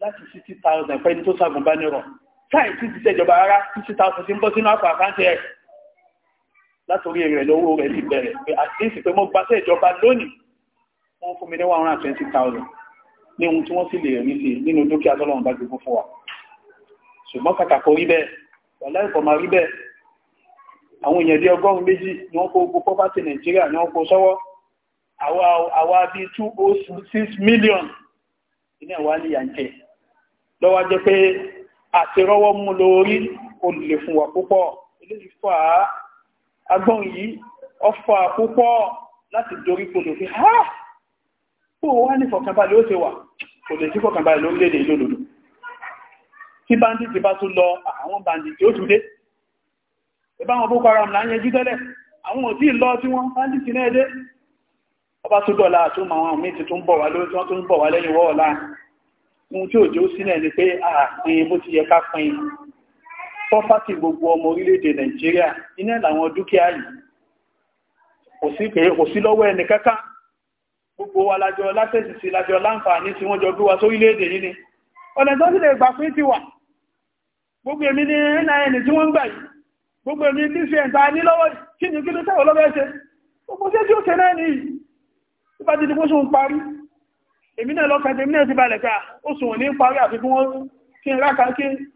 láti sixty thousand fẹ́ ní tó ṣàgùnbánirọ̀ táì tí ti ṣèjọba rárá sixty thousand ti ń bọ́ sínú àpò àkáǹtì ẹ̀ látòrí rẹ̀ lọ́wọ́ rẹ̀ sì bẹ̀rẹ̀ pé àtìsí pé mo gbaṣẹ́ ìjọba lónìí wọ́n fún mi ní one hundred twenty thousand ní ohun tí wọ́n sì lè rí sí nínú dúkìá tọ́lọ́run bá gbogbo fún wa ṣùgbọ́n kàkàkọ rí bẹ́ẹ̀ wàlá ìfọ̀mà rí bẹ́ẹ̀ àwọn èèyàn bí ọgọ́rùn-ún méjì ni wọ́n kó gbogbo pọ́pátì nàìjíríà ni wọ́n kó sọ́wọ́ àwa bíi two oh six million ilé ìwà ní yànjẹ́ lọ́wọ́ jẹ́ pé àti rọ́wọ́ mú lórí o lè fún wa púpọ̀ eléyìí fà á agbọ́n yìí ọfà púpọ̀ láti dorí kodò fi ha kó wá ní fọ̀kànbalẹ̀ ó ṣe wà kò lè sí fọ̀kànbalẹ̀ lórílẹ̀-èdè ìlòdòdò tí bandit bá tún lọ àwọn bandit ó tún dé ẹbá wọn boko haram láyé jú tẹ́lẹ̀ àwọn ò tí lọ tí wọ́n bandit náà dé ọba tún dọ̀la àtúnmọ̀ àwọn míì ti tún bọ̀ wá lórí tí wọ́n tún bọ̀ wá lẹ́yìn wọ́ọ̀lá ohun tí òjò sílẹ̀ ni pé ààfin bó ti yẹ ká pín pọ́fátì gbogbo ọmọ orílẹ̀-èdè nàìjíríà iná làwọn dúkìá yìí kò sí lọ́wọ́ ẹni kẹ́kà gbogbo wa lájọ látẹ̀sì sí lájọ láǹfààní tí wọ́n jọ bí wa sórílẹ̀-èdè yìí ni ọ̀nà tó sì lè gbà pín ti wà gbogbo èmi ní nin tí wọ́n ń gbà yìí gbogbo èmi ní fi ẹ̀ǹta ní lọ́wọ́ kí ni kí ló tẹ́wọ̀ lọ́wọ́ ẹ̀ṣẹ́ gbogbo tí ó ṣe náà nìyí tó bá ti di bó ṣe èmi náà lọ́kàn tèmi náà ti balẹ̀ ká ah, ó sùn ní parí àfi kí ráka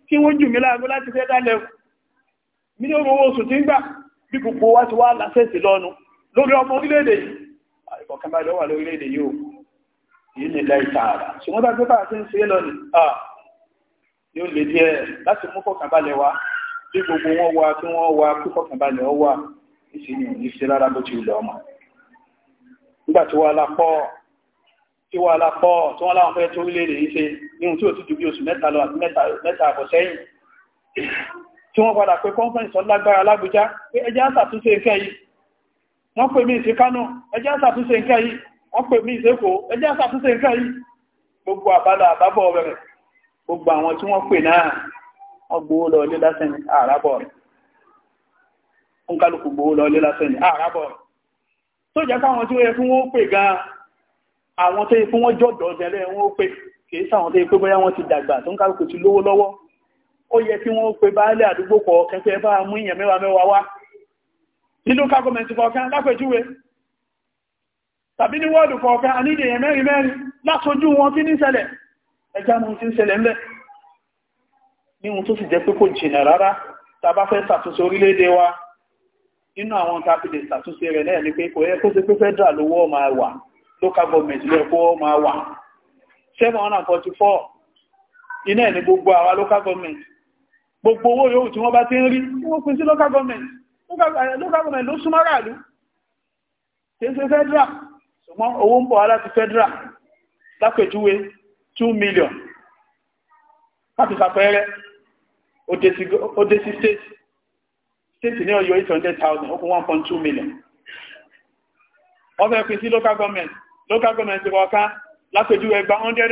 kí wọ́n jù mí láàgbó láti fẹ́ dálẹ̀ mi ní owó oṣù tí ń gbà bí gbogbo wá ti wá lásẹ̀sì lọ́nu lórí ọmọ orílẹ̀-èdè yìí àìkọ̀kànbá ah, ló wà lórílẹ̀-èdè yìí yìí ní ilẹ̀ ìtààrà ṣùgbọ́n bá gbé bá ti ń ṣe lọ́nì ah, yóò lápọ̀ tí wà lápọ̀ tí wọ́n láwọn fẹ́ tó orílẹ̀-èdè yìí ṣe níhun tí ó ti ju bí oṣù mẹ́ta lọ àti mẹ́ta àbọ̀ sẹ́yìn tí wọ́n padà pé conference lágbára lágbújá pé ẹjẹ́ àṣàtúnṣe nǹkan yìí wọ́n pè mí sí Kánò ẹjẹ́ àṣàtúnṣe nǹkan yìí wọ́n pè mí sí Èkó ẹjẹ́ àṣàtúnṣe nǹkan yìí gbogbo àbádà àbábọ̀ rẹ̀ gbogbo àwọn tí wọ́n pè náà wọ́n gbowó lọ ilé lásán ní àràbọ̀ rẹ̀ ń kálukú gbowó lọ ilé lásán ní àràbọ̀ rẹ̀ tó jẹ́ káwọn tí ó yẹ fún wọn pè gan-an àwọn tó yẹ fún wọ́n jọ́dọ̀ ọ̀gẹ̀rẹ́ wọn ó pé kìí sáwọn tó yẹ pé bóyá wọ́n ti dàgbà tó ń kálukú ti lówó lọ́wọ́ ó yẹ kí wọ́n pe baálé àdúgbò kọ̀ kẹfẹ́ bá mú ìyẹn mẹ́wàá mẹ́wàá wá nínú kágọ́mẹ̀ntì kọ̀ọ̀kan lápẹjúwe tàbí ní wọ́ọ̀dù kọ̀ọ̀kan anídìí èèyàn mẹ́rin mẹ́rin lásojú wọn kí ní ṣẹlẹ̀ ẹjá mú ti ń ṣẹlẹ̀ ńlẹ̀ ní ohun tó sì jẹ́ pé kò jìnà rárá tá bá fẹ́ ṣàtúnṣe orílẹ̀-èdè wa nínú àwọn tá a fi lè ṣàtúnṣe rẹ̀ náà ni pé kò yẹ kó ṣe pé fẹ́ dà lówó ọmọ àwà local government lẹ́ẹ̀kọ́ máa wà 744 iná ẹ̀ ní gbogbo àwa local government gbogbo owó yóò tí wọ́n bá ti ń rí wọ́n pín sí local government local eh, government ló súnmọ́ ràlú tí ń ṣe federal ṣùgbọ́n owó ń bọ̀ wá láti federal lápẹjúwe 2 million láti sàpẹẹrẹ ó dé sí state state ní Ọ̀yọ́ 800,000 ó kún 1.2 million wọ́n fẹ́ pín sí local government local government kọ̀ọ̀kan lápẹjú ẹgbà 100,000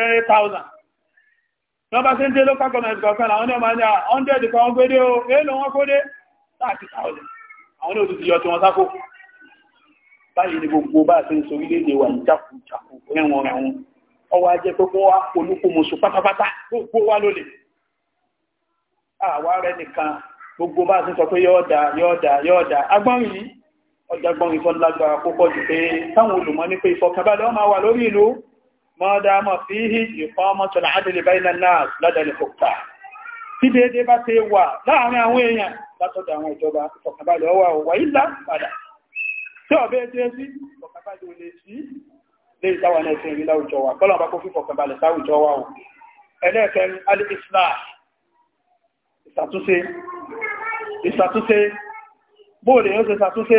wọ́n bá ṣe ń dé local government kọ̀ọ̀kan àwọn ọmọ ní 100 kan gbédé o èèlò wọn kó dé 30,000 àwọn olóòtú ti yọ tí wọ́n sákò báyìí ni gbogbo bá ṣe ń sorí léde wà jákùjákù rẹ̀wọ̀n rẹ̀wọ̀n ọwọ́ ajẹ́ pé kó wá ọjàgbọ́n ìfọ́ lágbára púpọ̀ jù pé táwọn olùmọ̀ ní pé ìfọ̀kànbalẹ̀ ọmọ wà lórí ìlú mọ́dámọ̀ fi hì ìfọ́ mọ́tọ̀lá adìlẹ̀ báyìí náà lọ́dẹ̀lẹ̀ fòkúta tí déédé bá ṣe wà láàárín àwọn èèyàn látọ̀dọ̀ àwọn ìjọba ìfọ̀kànbalẹ̀ ọwà òwà ìlà padà tí ọ̀bẹ́ ẹgbẹ́ sí ìfọ̀kànbalẹ̀ ò lè sí lè ìdáwà náà sí ìrìnlá òjò wa kọ́lọ̀ bá yóò ṣe ṣàtúnṣe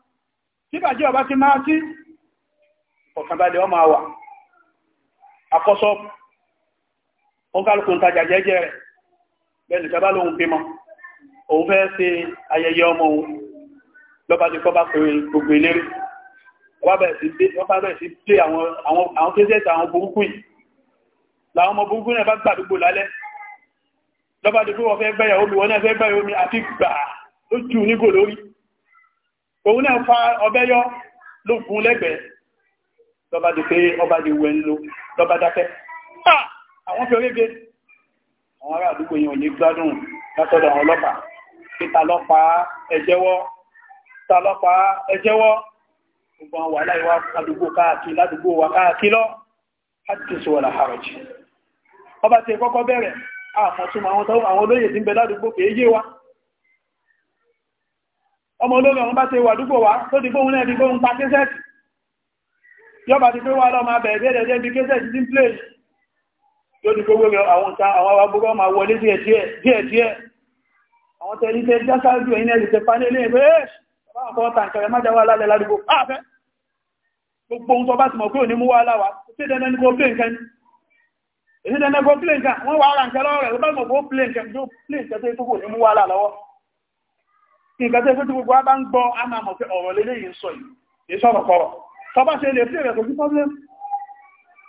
tí bàjẹ́ ọba ti máa sí ọ̀kànbalẹ̀ ọmọ àwà àkọ́sọ́ ọkàlùkùn tajà jẹ́jẹ́ rẹ̀ bẹ́ẹ̀ nìjọba lóhun bímọ òun fẹ́ ṣe ayẹyẹ ọmọ òun lọ́ba ti kọ́ bá pè gbogbo ìlérí ọba bẹ̀rẹ̀ sí dé àwọn kéṣẹ́sì àwọn burúkú yìí láwọn ọmọ burúkú náà bá gbàdúgbò lálẹ́ lọ́ba ti kó wọ́n fẹ́ gbẹ́yàwó mi wọ́n náà fẹ́ gbẹ́yàwó mi àti gbà lójú nígò lórí òun náà fa ọbẹ́ yọ ló fún lẹ́gbẹ̀ẹ́ lọ́ba di pé ọba di wẹ̀ ń lo lọ́ba dákẹ́ àwọn fi orége àwọn ará àdúgbò yìí ò ní gbádùn látọ̀dọ̀ àwọn ọlọ́pàá kí ta lọ́pàá pa jẹ́wọ́ ta lọ́pàá ẹ jẹ́wọ́ gbogbo àwọn wàhálà ìwà àdúgbò káàkiri ládùúgbò wa káàkiri lọ láti sọ wọ̀là àrọ̀jì ọba ti kọ́kọ́ bẹ̀rẹ̀ àmọ́ tún àwọn olóyè tí ń bẹ ládùúgbò kèéyé wa ọmọ olóòrùn ọmọ bá ṣe wà dúgbò wá tó ti fóun náà ti fóun pa késẹ̀tì yọba ti pé wà lọ máa bẹ̀rẹ̀ bẹ̀rẹ̀ bí késẹ̀tì ti ń plé yóò ti gbogbo àwọn ta àwọn agbogbo ma wọlé díẹ̀díẹ̀ àwọn tẹ̀lé tẹ́ jásáájú ẹ̀yìn ẹ̀sì tẹ́ panelé ẹgbẹ́ ọ̀pọ̀ tàǹkẹ̀rẹ̀ má jáwà lálẹ́ ládùgbò ààfẹ́ gbogbo bá ti mọ̀ pé ní mú wá láwá sí dandan ní kó plé nǹkan èsì dandan kó plé wọ́n wà ara nǹkan lọ́rẹ̀ ló bá mọ̀ pé ó tó plé tó kò ní mú wá lá nǹkan tẹ́ tí gbogbo bá ń gbọ́ a máa mọ̀ pé ọ̀rọ̀ lélé yìí ń sọ yìí ìṣọ́rọ̀ kọ̀rọ̀ tọba ṣe lè fèrè kò sí problem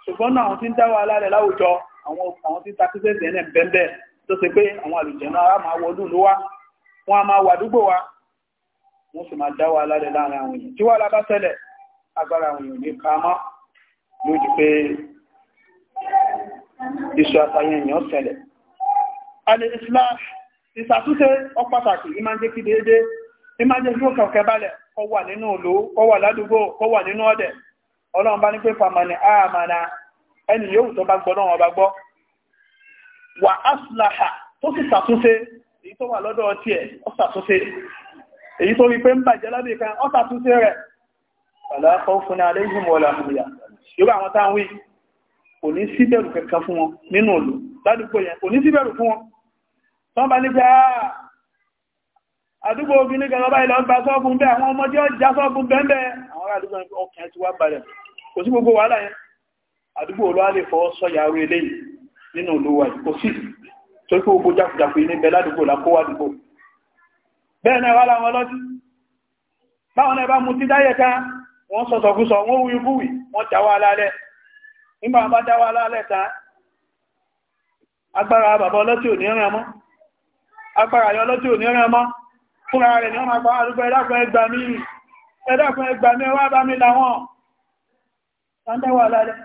ṣùgbọ́n náà àwọn tí ń dáwà alálẹ̀ láwùjọ àwọn tí ta kíṣẹ́ ìdẹ̀ náà bẹ́ẹ̀ tó ṣe pé àwọn àlùjẹ̀nà ara máa wọlú ló wá wọn a máa wà àdúgbò wa wọ́n sì máa dáwà alálẹ̀ láàrin àwọn èèyàn tí wà lábá tẹ́lẹ̀ agbára àwọn èèyàn ní kámọ́ lójú pé iṣu àtàyẹn èèyàn ìsàtúnṣe ọpàtàkì ìmájẹ́ kí déédé ìmájẹ́ kí ó kẹ̀kẹ́ balẹ̀ kó wà nínú ìlú kó wà ládùúgbò kó wà nínú ọ̀dẹ̀ ọlọ́run bá ní pé famani amana ẹni yóò tó bá gbọ́ náà bá gbọ́ wà áṣùláhà tó sì sàtúnṣe èyí tó wà lọ́dọ̀ ọtí ẹ̀ ó sàtúnṣe èyí tó rí pé ń bàjẹ́ lábẹ́ kan ó sàtúnṣe rẹ̀ ọ̀làkọ́ fún ní alẹ́ ìhùn wọlé yóò àwọn táwọn wí kò ní síbẹ̀rù kankan fún wọn nínú ìlú ládùúgbò yẹn kò ní síbẹ̀rù fún wọn tán bá nígbà ah, àdúgbò obìnrin kan lọ́bá ilẹ̀ ọgbà sọ́ọ̀fún bẹ́ àwọn ọmọdé ọjà sọ́ọ̀fún bẹ́ẹ̀ àwọn ará àdúgbò ọkàn ti wá balẹ̀ kò sí gbogbo wàhálà yẹn àdúgbò olówá lè fọ́ sọ́yàwó eléyìí nínú olówà kò sí tó kí gbogbo jákujàku ní bẹ ládùúgbò lákówà dùgbò bẹ́ẹ̀ náà wá láwọn ọlọ́tí báwọn náà bá mu ti dáyẹ̀ agbára bàbá ọlọ́tí ò ní ràn mọ́ agbára yọ lọ́tí ò ní rán mọ́ fúnra rẹ̀ ni wọ́n máa pàá àrúgbọ́ ẹ̀dàkùn ẹgbà mí ẹ̀dàkùn ẹgbà mí wá bá mi láwọn tàbíwà lálẹ́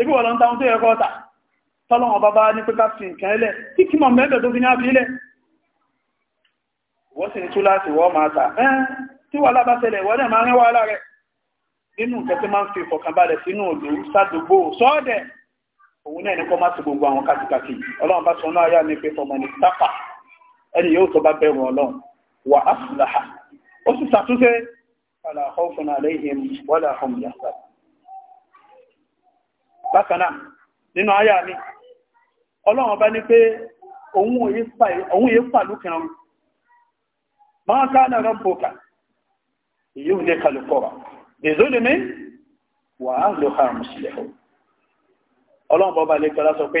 ibi wọ̀ lọ́ntà tó yẹ kọ́ta tọ́lọ́wọ̀n bàbá ní pé káfí nǹkan ẹlẹ̀ tí kí mọ̀ mẹ́bẹ̀ tó fi ní àfilẹ̀ wọ́n sì ní tú láti wọ́ máa tà ẹ́ tí wà òun náà ní kọ́ má ti gbogbo àwọn kàtìkàtì ọlọ́run bá sọ náà yá ní pé fọmọ ní tápà ẹni yóò tó bá bẹ̀rù ọlọ́run wà á sì láhà ó sì ṣàtúnṣe fala khawfun alayhim wala hum yahzanun bákan náà nínú àyà mi ọlọ́run bá ní pé òun yé pàlú kìrán máa ká náà rabbuka èyí ò ní kàlùkọ́rọ̀ èzó lè mí wà á lò ha mùsùlùmí ọlọ́run bá lè kọ́lá sọ pé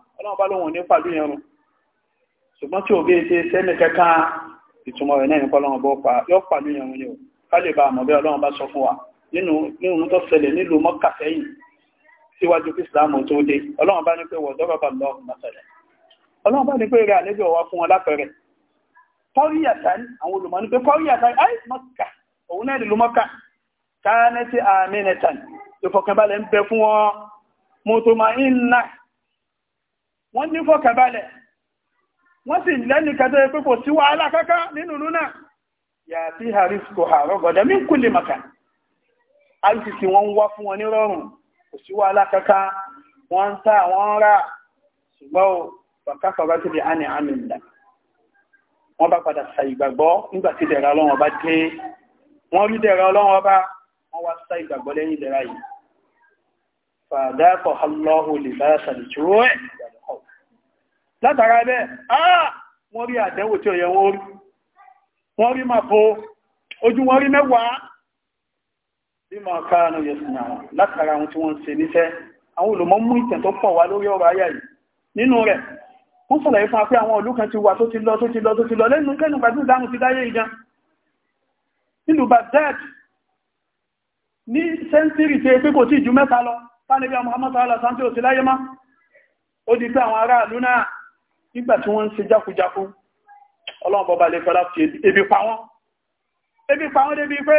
ọlọ́run bá lóhun ní pàlú yẹn rùn ṣùgbọ́n tí òbí ṣe sẹ́ni kẹta ìtumọ̀ rẹ̀ náà ní pọ́lọ́run bọ́ pa yọ pàlú yẹn rùn yẹn ká lè bá àmọ́ bí ọlọ́run bá sọ fún wa nínú nínú tó ṣẹlẹ̀ nílùú mọ́kà sẹ́yìn síwájú kí ìsìlámù tó dé ọlọ́run bá ní pé wọ́n dọ́bàbà lọ́ọ̀rùn mọ́sẹ̀lẹ̀ ọlọ́run bá ní pé rẹ̀ àlejò wa fún wọn lápẹẹrẹ kọ́ríyàtà ni àwọn olùmọ̀ ní pé kọ́ríyàtà ayé mọ́kà wọ́n ní fọ́kàbalẹ̀ wọ́n sì lẹ́nu kẹta pé kò sí wàhálà kaka nínú lúnà yàtí harisco àrọ́gọ̀dẹ̀ mí kú lè maka alìsìsì wọ́n wá fún wọn ní rọrùn kò sí wàhálà kaka wọ́n ń ta wọ́n ń rà ṣùgbọ́n bàkà fàbá ti di àní àmì ìlà wọ́n bá padà sa ìgbàgbọ́ nígbà tí dẹ̀ra ọlọ́run dé wọ́n rí dẹ̀ra ọlọ́run ọba wọ́n wá sa ìgbàgbọ́ lẹ́yìn dẹ̀ra yìí fàdákọ̀ lè bá sàdìtúró ẹ̀ látara bẹ́ẹ̀ ah wọ́n rí àdẹ́wò tí ọ̀yẹ̀ wọ́n rí wọ́n rí máa fò ojú wọ́n rí mẹ́wàá bí ma káàánú yẹ̀sùn àwọn látara àwọn tí wọ́n ṣe níṣẹ́ àwọn olùmọ̀ mú ìtẹ̀ tó pọ̀ wá lórí ọ̀rọ̀ ayá yìí nínú rẹ̀ wọ́n sọ̀rọ̀ ìfún apẹ́ àwọn olú kan ti wà tó ti lọ tó ti lọ tó ti lọ lẹ́nu kẹ́nu gbàdún ìdáhùn ti dáyé ìgan nílùú Baghdad ní sẹ́ńtírì tí pé kò tí ju mẹ́ta lọ tánibí àwọn Muhammad tí ó ti láyé má ó di pé àwọn aráàlú náà nígbà tí wọ́n ń ṣe jákujáku ọlọ́run bọ́ba lè fẹ́ láti ebi pa wọ́n ebi pa wọ́n débi pé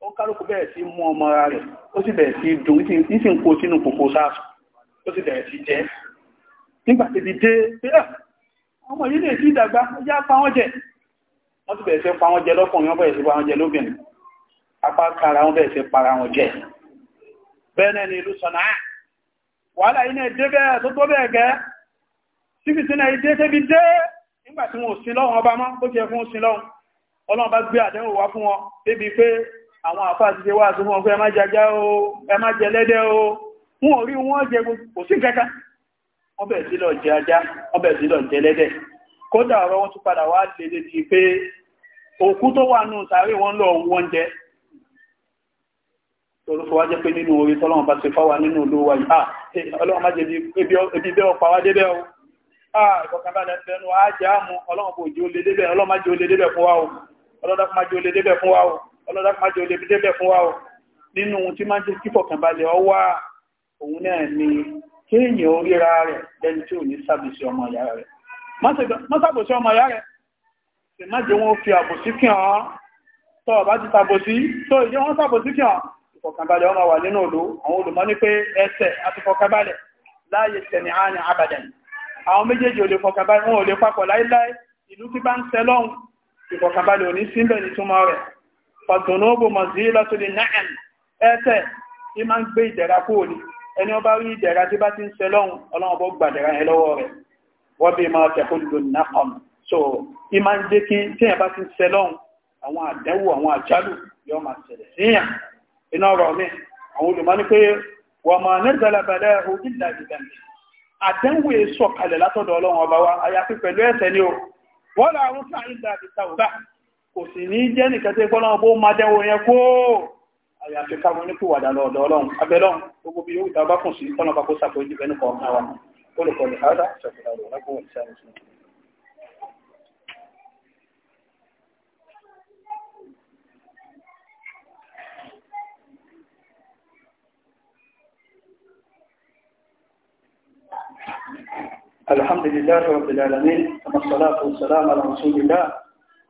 ó kálukú bẹ̀rẹ̀ sí mú ọmọ ara rẹ̀ ó sì bẹ̀rẹ̀ sí dùn ní sì ń kó sínú kòkó sáàsù ó sì bẹ̀rẹ̀ sí jẹ́ nígbà tí dé pé ah, ọmọ yìí lè sí ìdàgbà yá pa wọ́n jẹ wọ́n sì bẹ̀rẹ̀ sí pa wọ́n jẹ lọ́kùnrin wọ́n bẹ̀rẹ̀ sí ni ìlú sọ̀nà wàhálà yìí náà dé tí fìtínà ìdé tẹ́bi dé nígbà tí wọ́n sí lọ́wọ́n ọba mọ́ bó jẹ fún sí lọ́wọ́n ọlọ́run bá gbé àdẹ́rùn wá fún wọn débi pé àwọn àfáà ti ṣe wá àti wọn pé ẹ má jajá o ẹ má jẹ lẹ́dẹ́ o wọn ò rí wọn jẹ kò sí kẹta wọn sí lọ jẹ ajá kódà ọ̀rọ̀ wọn tún padà wá lè di pé òkú tó wà nù sàárè wọn lọ wọn jẹ torúfọ́ wájẹ́ pé nínú orí tọ́lọ́wọ́n bá ti fáwà nínú olówó wáyé ah eh, má jẹ́ ibi bẹ́ẹ̀ ọ̀pá wá o Ah, ìfọ̀kànbalẹ̀ ẹnu ajá mú ọlọ́run kò jí ó lè débẹ̀ ọlọ́run má jí ó lè débẹ̀ fún o ọlọ́run má jí ó lè débẹ̀ fún wa o ọlọ́run má jí ó o nínú tí máa ń jẹ́ kí ìfọ̀kànbalẹ̀ ọ wá òun náà ni kéèyàn ó ríra rẹ̀ lẹ́ni tí ò ní sábòsí ọmọ ìyá rẹ̀ má sábòsí ọmọ ìyá rẹ̀ sì má jẹ́ wọn fi àbòsí kí hàn tọ́ ọba ti sàbòsí tó ìdí wọn sàbòsí kí hàn ìfọ̀kànbalẹ̀ ọmọ wà nínú òdo àwọn olùmọ́ ní pé ẹsẹ̀ àti ìfọ̀kànbalẹ̀ láàyè tẹ̀mí àárín abàdàn àwọn méjèèjì ò lè fọkànbalẹ̀ wọn ò lè papọ̀ láíláí ìlú tí bá ń tẹ lọ́hùn ìfọkànbalẹ̀ òní síbẹ̀ nìtúmọ̀ rẹ̀ fàtọ̀nọ́bù mọ̀sí lọ́tọ́lẹ̀ náàm ẹ̀ẹ́tẹ̀ tí máa ń gbé ìdẹ̀ra kúrò ní ẹni ọba rí ìdẹ̀ra tí bá ti ń ṣe lọ́hùn so ì máa ń jẹ́ kí tí yẹn bá ti ń ṣe lọ́hùn àwọn àdẹ́wò àwọn àjálù yóò àtẹ́wò èso kalẹ̀ látọ̀dọ̀ ọlọ́run ọba wa àyàfi pẹ̀lú ẹ̀sẹ̀ ni o wọ́n lọ àrùn fún àyíká àti tàwùbá kò sì ní jẹ́ nìkan tí gbọ́nà bó máa dẹ́wò yẹn kó àyàfi káwọn ní kúwàdà ọlọ́run abẹ́lọ́run gbogbo bí الحمد لله رب العالمين والصلاة والسلام على رسول الله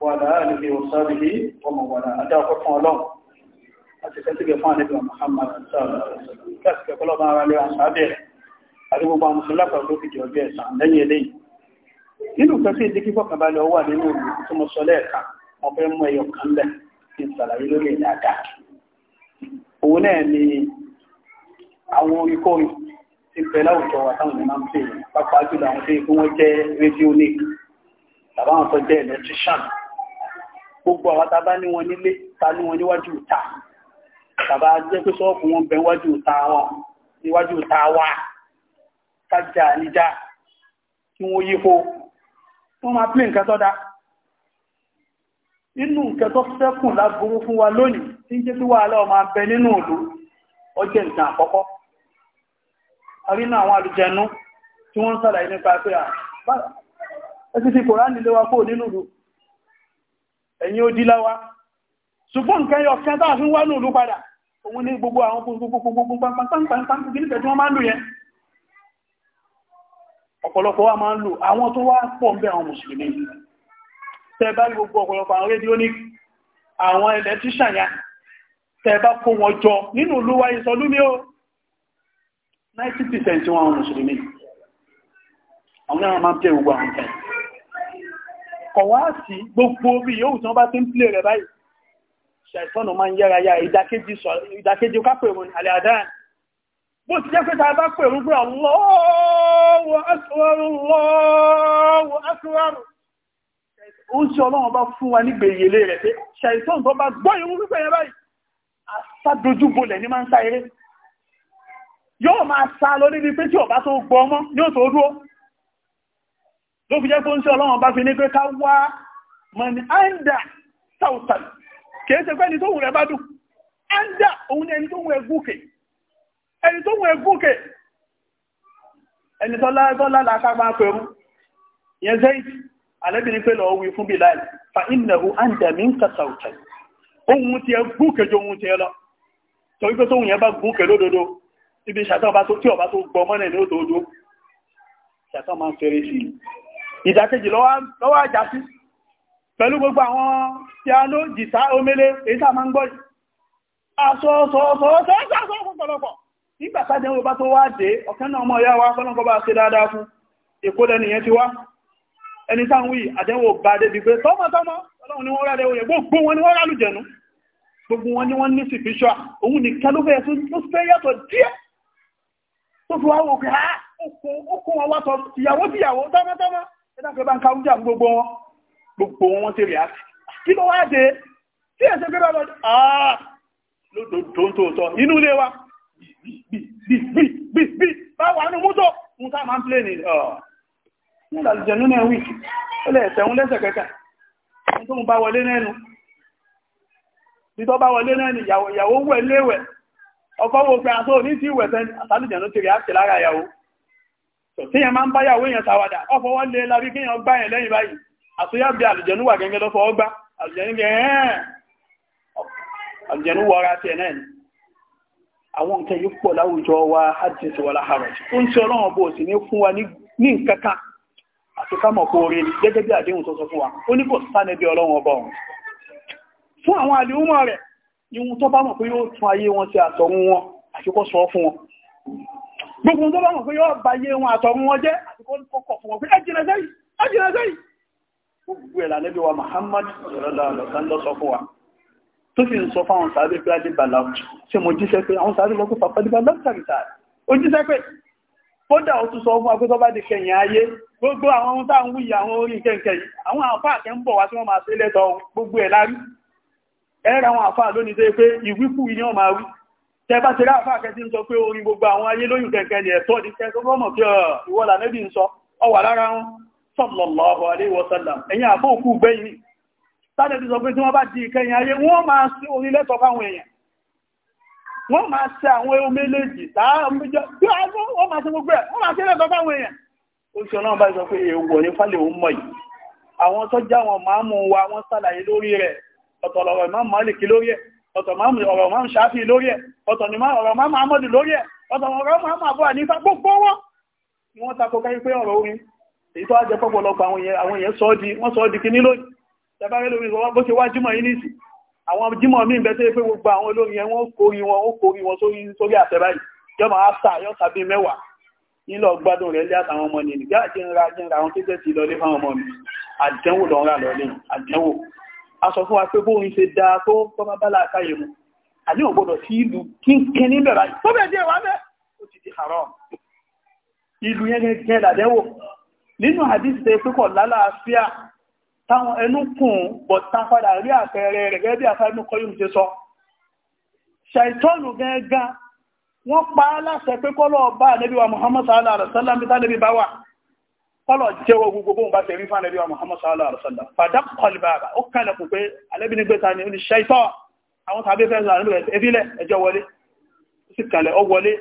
وعلى آله وصحبه ومن والاه أدعو فرحمه الله أتكتب فان ابن محمد صلى الله عليه وسلم كاسك كل ما عليه عن صحابه أدعو بان صلى الله عليه وسلم جوابه سعند يلي nínú kan sí ìdíkí fọ́kàn balẹ̀ ọwọ́ nínú ìlú tó mọ sọlẹ̀ ẹ̀ka wọn fẹ́ mú ẹyọ kan lẹ̀ kí n ṣàlàyé ti pẹ́ láwùjọ wa táwọn èèyàn máa ń pè é pápá jùlọ àwọn tó yẹ kí wọ́n jẹ́ rédíónìk tàbá àwọn tó jẹ́ electrician gbogbo àwọn tá a bá ní wọn nílé ta ní wọn níwájú ìta tàbá jẹ́ pé ṣọ́ọ̀bù wọn bẹ níwájú ìta wọn níwájú ìta wa kájà níjà kí wọ́n yípo wọ́n máa pín nǹkan sọ́dá inú nǹkan tó fẹ́kùn lágbóró fún wa lónìí tí ń jẹ́ pé wàhálà ọmọ abẹ nínú òlú ọjẹ́ nǹkan àkọ́kọ́ àrínà àwọn àlùjẹnú tí wọ́n ń sàlàyé nípa pé à ah, ẹsì ti kòránì léwa kó nínú ìlú ẹ̀yìn ó díláwá ṣùgbọ́n nǹkan yọ kan tàà fi wá ní ìlú padà òun ní gbogbo àwọn gbogbo ọ̀pọ̀lọpọ̀ wa máa ń lò àwọn tó wá pọ̀ ń bẹ àwọn mùsùlùmí tẹ́ bá gbogbo ọ̀pọ̀lọpọ̀ àwọn rédíóníkì àwọn wa ìsọlúmí ninety percent tí wọ́n mùsùlùmí àwọn náà máa ń pè gbogbo àwọn kan kọ̀wá sí gbogbo bí yóò tí wọ́n bá ti ń pìlẹ̀ rẹ̀ báyìí ṣàìsọ́nà máa ń yára ya ìdákéjì kápẹ̀rún alẹ́ àdáyà bó ti jẹ́ pé ta bá pẹ̀rún pé Allahu Akbar Allahu Akbar ó ń ṣe ọlọ́run bá fún wa nígbè ìyèlé rẹ̀ pé ṣàìsọ́nà tó bá gbọ́ ìrú pípẹ̀ yẹn báyìí yóò máa sá lọ níbi pé tí ọba tó gbọ́ ọmọ yóò tó dúó ló fi jẹ́ tó ń ṣe ọlọ́run bá fi ní pé ká wá mọ̀ní áńdà sáùtàn kìí ṣe pé ẹni tó wù rẹ̀ bá dùn áńdà òun ẹni tó wù ẹgúkè ẹni tó wù ẹgúkè ẹni tọ́lá ẹgbọ́lá làkágbá pẹ̀rú yẹn zẹ́ fa innahu áńdà mi ń ka sáùtàn ohun ti ẹgúkè jọ ohun ti ẹ lọ torí ibi ṣàtọ́ ọba tó tí ọba tó gbọ mọ́nà ní òtòòdó ṣàtọ́ máa ń fẹ́rẹ̀ sí ìdàkejì lọ́wọ́ àjá sí pẹ̀lú gbogbo àwọn piano jìtá omele èyí tá máa ń gbọ́ ẹni táwọn wí àdẹ́wò bá débi pé tọ́mọ̀tọ́mọ̀ ọlọ́run ni wọ́n rádẹ́ òyẹ̀ gbogbo wọn ni wọ́n rálù jẹ̀nu gbogbo wọn ni wọ́n ní sí fíṣọ́ òun nìkan ló fẹ́ yàtọ̀ díẹ̀ tó fi wá wò pé ah ó kó wọn wátọ ìyàwó sí ìyàwó tọ́mọ́tọ́mọ́ ẹ̀dá pé bá ń kàrú jà gbogbo wọn gbogbo wọn ṣe rí àti kí ló wá dé tí ẹ̀ṣẹ́ pé bá lọ ah lódòdó tó tọ́ inú ilé wa bí bá wà nínú mọ́tò mú tá máa ń plé ah. ní nígbà jẹ̀nú náà wí ó lè tẹ̀hún lẹ́sẹ̀ kẹta tó mú bá wọlé nẹ́nu ìtọ́ bá wọlé nẹ́nu ìyàwó wẹ̀ léwẹ̀ ọkọ̀ wo pé aṣọ òní sí ìwẹ̀sẹ̀ àtàlùjẹ̀ ti rí àṣẹ lára ìyàwó tí yẹn máa ń báyàwó yẹn sàwádà ọ̀fọ̀ wọ́n lé e lábí kí yẹn gbá yẹn lẹ́yìn báyìí àṣóyàbí àlùjẹ̀nú wà gẹ́gẹ́ lọ́fọ̀ ọgbá àlùjẹ̀nú wọra ti ẹ̀ náà àwọn nǹkan yìí wa hajjins wà láhàrọ̀ tó ń ṣe ọlọ́run bó sì ní fún wa ní nǹkan kan àti ká mọ̀ kó orí ni gẹ́gẹ́ bí àdéhùn tó sọ fún wa ó ní ìwọ̀n tó bá mọ̀ pé yóò tún ayé wọn ti àtọ̀run wọn àṣíkọ́ sọ fún wọn gbogbo tó bá mọ̀ pé yóò bá ayé wọn àtọ̀run wọn jẹ́ àṣíkọ́ kọ̀kọ̀ fún wọn pé ẹjìnà sẹ́yìn ẹjìnà Muhammad lọ́lọ́ sọ fún wa tó sì ń sọ fáwọn sàábé pé adé bàlá ṣe mo jíṣẹ́ pé àwọn sàábé lọ́kùn pàpà dé bàlá sàrìsà ó jíṣẹ́ pé kódà ó tún sọ fún wa pé tó bá di kẹyìn ayé gbogbo àwọn ohun tá à ń wúyì àwọn orí kẹ̀kẹ́ yìí àwọn àǹfààní ń bọ̀ wá tí wọ́n máa ṣe lẹ́tọ̀ọ́ gbogbo ẹ̀ lárí ẹ̀rẹ̀ àwọn àfáà lónìí tó pé ìwíkú ni wọ́n máa wí tẹ bá ti rí àfáà kẹ́ tí ń sọ pé orin gbogbo àwọn ayé lóyún kẹ̀kẹ́ ni ẹ̀tọ́ ni kẹ́ tó mọ̀ kí ìwọ́là nẹ́bí ń sọ ọwà lára wọn sallallahu alaihi wasallam ẹ̀yìn àfọ́ òkú gbẹ̀yìn sáàdẹ̀ ti sọ pé tí wọ́n bá di ìkẹyìn ayé wọ́n máa sí orin lẹ́tọ̀ fáwọn èèyàn wọ́n máa ṣe àwọn ewu méjèèjì táà méjọ bí wọ́n máa ṣe gbogbo ẹ̀ wọ́n máa ṣe lẹ́tọ̀ fáwọn èèyàn ó sì ọ̀nà bá sọ pé èèwọ̀ ní fálẹ̀ òun mọ̀ yìí àwọn tó já wọn máa mú wa wọ́n sàlàyé lórí rẹ̀ ọ̀tọ̀ ọ̀rọ̀ Imam Malik lórí ẹ̀ ọ̀tọ̀ ọ̀rọ̀ Imam Shafi lórí ẹ̀ ọ̀tọ̀ ọ̀rọ̀ Imam Ahmad lórí ẹ̀ ọ̀tọ̀ ọ̀rọ̀ Imam Abu Hanifa gbogbo wọn ni wọ́n takò káyí pé ọ̀rọ̀ orin èyí tó ajẹ́ pọ̀pọ̀lọpọ̀ àwọn èèyàn sọ di wọ́n sọ di kíní lónìí tẹbárẹ́ lórí ìsọwọ́ bó ṣe wá jímọ̀ yìí nìsí àwọn jímọ̀ míì bẹ́ tó pé gbogbo àwọn olórin yẹn wọ́n kórí wọn ó kórí wọn sórí sórí àtẹ́báyìí jọmọ̀ áfà yọ́ta bíi mẹ́wàá nílọ gbádùn rẹ̀ lé àtàwọn ọmọ nìyí gáà jẹ́ ń ra jẹ́ ń ra àwọn kéjẹ́ sí lọlé fáwọn ọmọ mi àdẹ́wò lọ́nra lọlé àdẹ́wò a sọ fún wa pé bóun ṣe da tó tọ́mọ bá láàká yìí mu àní ò gbọdọ̀ sí ìlú kínkín níbẹ̀ báyìí tó bẹ̀ díẹ̀ wá bẹ́ẹ̀ ó ti di haram ìlú yẹn gẹ́gẹ́ làdẹ́wò nínú hadith tẹ pé kọ̀ lálàáfíà táwọn ẹnu kùn bọ̀ tá padà rí àpẹẹrẹ rẹ̀ gẹ́gẹ́ bí afárínú kọ́yùn ṣe sọ ṣàìtọ́nù gẹ́gẹ́ wọ́n pa á láṣẹ pé kọ́lọ́ ọba ànẹ́bíwa Muhammad sallallahu alaihi wasallam bí tánẹ́bí bá wà kọ́lọ̀ jẹ́wọ́ gbogbo bóun bá tẹ̀rí fún àlẹ́bí wa Muhammad sallallahu alaihi wasallam fàdá kọlùbàbà ó kàlẹ̀ kù pé alẹ́bí gbẹ́ta ni ó ní ṣẹ́tọ́ àwọn tàbí fẹ́ sọ̀rọ̀ nílùú ẹbílẹ̀ ẹjọ́ wọlé ó sì kàlẹ̀ ọ wọlé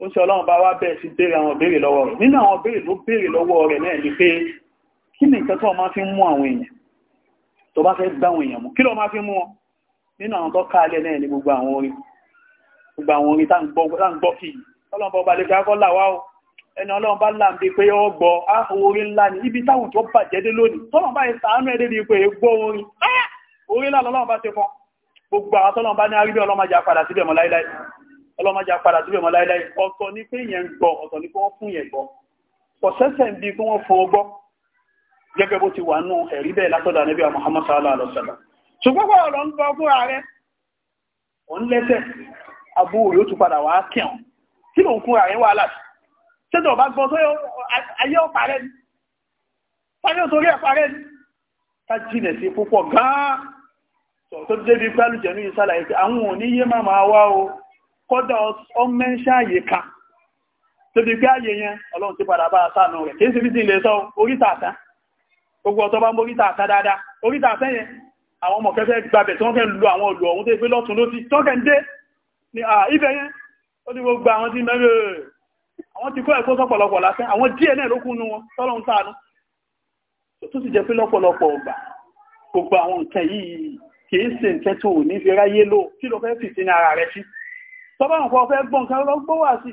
ó sì ọlọ́run bá wá bẹ́ẹ̀ sí béèrè àwọn béèrè lọ́wọ́ rẹ̀ nínú àwọn béèrè ló béèrè lọ́wọ́ rẹ̀ náà ni pé kí ni nǹkan tó máa fi mú àwọn èèyàn tó bá fẹ́ gbá àwọn èèyàn mú kí ló máa fi mú wọn nínú àwọn tó kàlẹ̀ náà ni gbogbo àwọn orin gbogbo àwọn orin tá ń gbọ́ kí ọlọ́run bá ọba lè fi akọ́ làwá o ẹni ọlọ́run bá láàbí pé ó gbọ́ orin ńlá ni ibi táwọn tó bàjẹ́ dé lónìí tọ́lọ́run bá yẹ sàánú ẹ̀ débi pé gbọ́ orin orin ńlá lọ́lọ́run bá ṣe fún gbogbo àwọn tọ́lọ́run bá ní arí bí ọlọ́mọjà padà síbẹ̀ mọ́ láíláí ọlọ́mọjà padà síbẹ̀ mọ́ láíláí ọ̀tọ̀ ni pé yẹn ń gbọ́ ọ̀tọ̀ ni kí wọ́n Muhammad sallallahu alaihi wasallam ṣùgbọ́n pọ̀ ọ̀rọ̀ ń gbọ́ fún ààrẹ òun lẹ́sẹ̀ abúrò yóò tún padà wá ààrẹ wà láti tẹ́tọ̀ ọba gbọ́ tó ayé ọ̀pá rẹ̀ ní fáyé òtórí ẹ̀pá rẹ̀ ní ká jìnà sí púpọ̀ gan-an tó débi pẹ́lú jẹ̀mí ìsàlàyé pé àwọn oníyé máa máa wá o kọ́dọ̀ ọmẹ́ṣẹ́ àyè ká tóbi pé àyè yẹn ọlọ́run ti padà bá sánú rẹ̀ kìí sí bí ti ilẹ̀ sọ oríta àtá gbogbo ọ̀tọ́ bá ń boríta àtá dáadáa oríta àtá yẹn àwọn ọmọ kẹfẹ́ gbàbẹ̀ tí wọ́n fẹ́ lu àwọn olù ọ̀hún tó fi lọ́tún ló ti tọ́kẹ̀ ń dé ní ibẹ̀ yẹn ó ní gbogbo àwọn tí mẹ́rin àwọn ti kọ́ ẹ̀kọ́ sọ́pọ̀lọpọ̀ lásán àwọn díẹ̀ náà ló kún nú wọn tọ́lọ́ ń tàánú tó sì jẹ́ pé lọ́pọ̀lọpọ̀ ọgbà gbogbo àwọn nǹkan yìí kìí ṣe nǹkan tó ní fi ráyé lò kí ló fẹ́ fi sí ní ara rẹ̀ sí tọ́bá nǹkan fẹ́ gbọ́n kan lọ́gbọ́ wà sí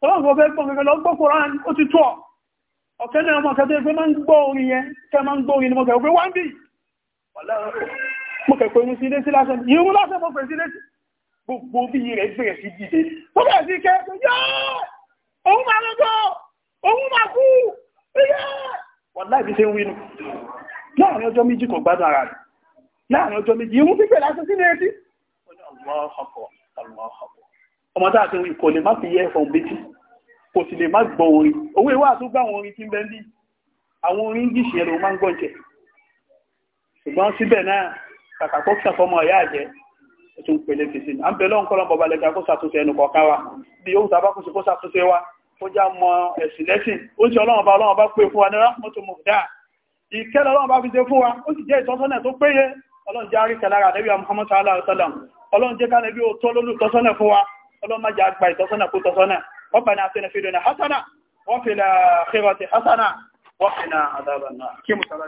tọ́bá nǹkan fẹ́ gbọ́n kan lọ́gbọ́ kó rán ó ti tó ọ̀ ọ̀kẹ́ náà mọ̀ kẹ́ tó pé máa ń gbọ́ orin yẹn kẹ́ máa ń gbọ́ orin ni mo kẹ́ pé wọ́n bì mo kẹ́ pé mo gbogbo bí rẹ̀ bẹ̀rẹ̀ sí dìde tó bẹ̀rẹ̀ sí kẹ́ yọ́ọ̀ òun máa lọ́jọ́ òun máa kú ilé wọ́n láì fi ṣe ń wínú láàrin ọjọ́ méjì kò gbádùn ara rẹ̀ láàrin ọjọ́ méjì ìhun pípẹ̀ láti sí ní etí ọmọ táà tí kò lè má fi yẹ ẹ̀fọn bétí kò sì lè má gbọ́ orin owó ìwà tó gbá àwọn orin tí ń bẹ́ ní àwọn orin gíṣì ẹ̀rọ máa ń gbọ́ jẹ ṣùgbọ́n síbẹ̀ náà kàkà kó kí ọmọ ìyá àjẹ́ ó tún pèlè fèsì à ń bẹ lọ́nkọ́lọ́ bọ̀bá lẹ́gbàá kó ṣàtúnṣe ẹnu kọ̀ọ̀ká wa bí ó ń sábà kó ṣe kó ṣàtúnṣe wa kó já mọ ẹ̀sìn lẹ́sìn ó sì ọlọ́run bá ọlọ́run bá pé fún wa ní rámọ́tò mọ̀dá ìkẹ́lẹ̀ ọlọ́run bá fi ṣe fún wa ó sì jẹ́ ìtọ́sọ́nà tó péye ọlọ́run jẹ́ àríkẹ̀ lára ànábì Muhammad sallallahu alaihi wasallam ọlọ́run jẹ́ kánẹ́bí ó tó ربنا آتنا في الدنيا حسنة وفي الآخرة حسنة وقنا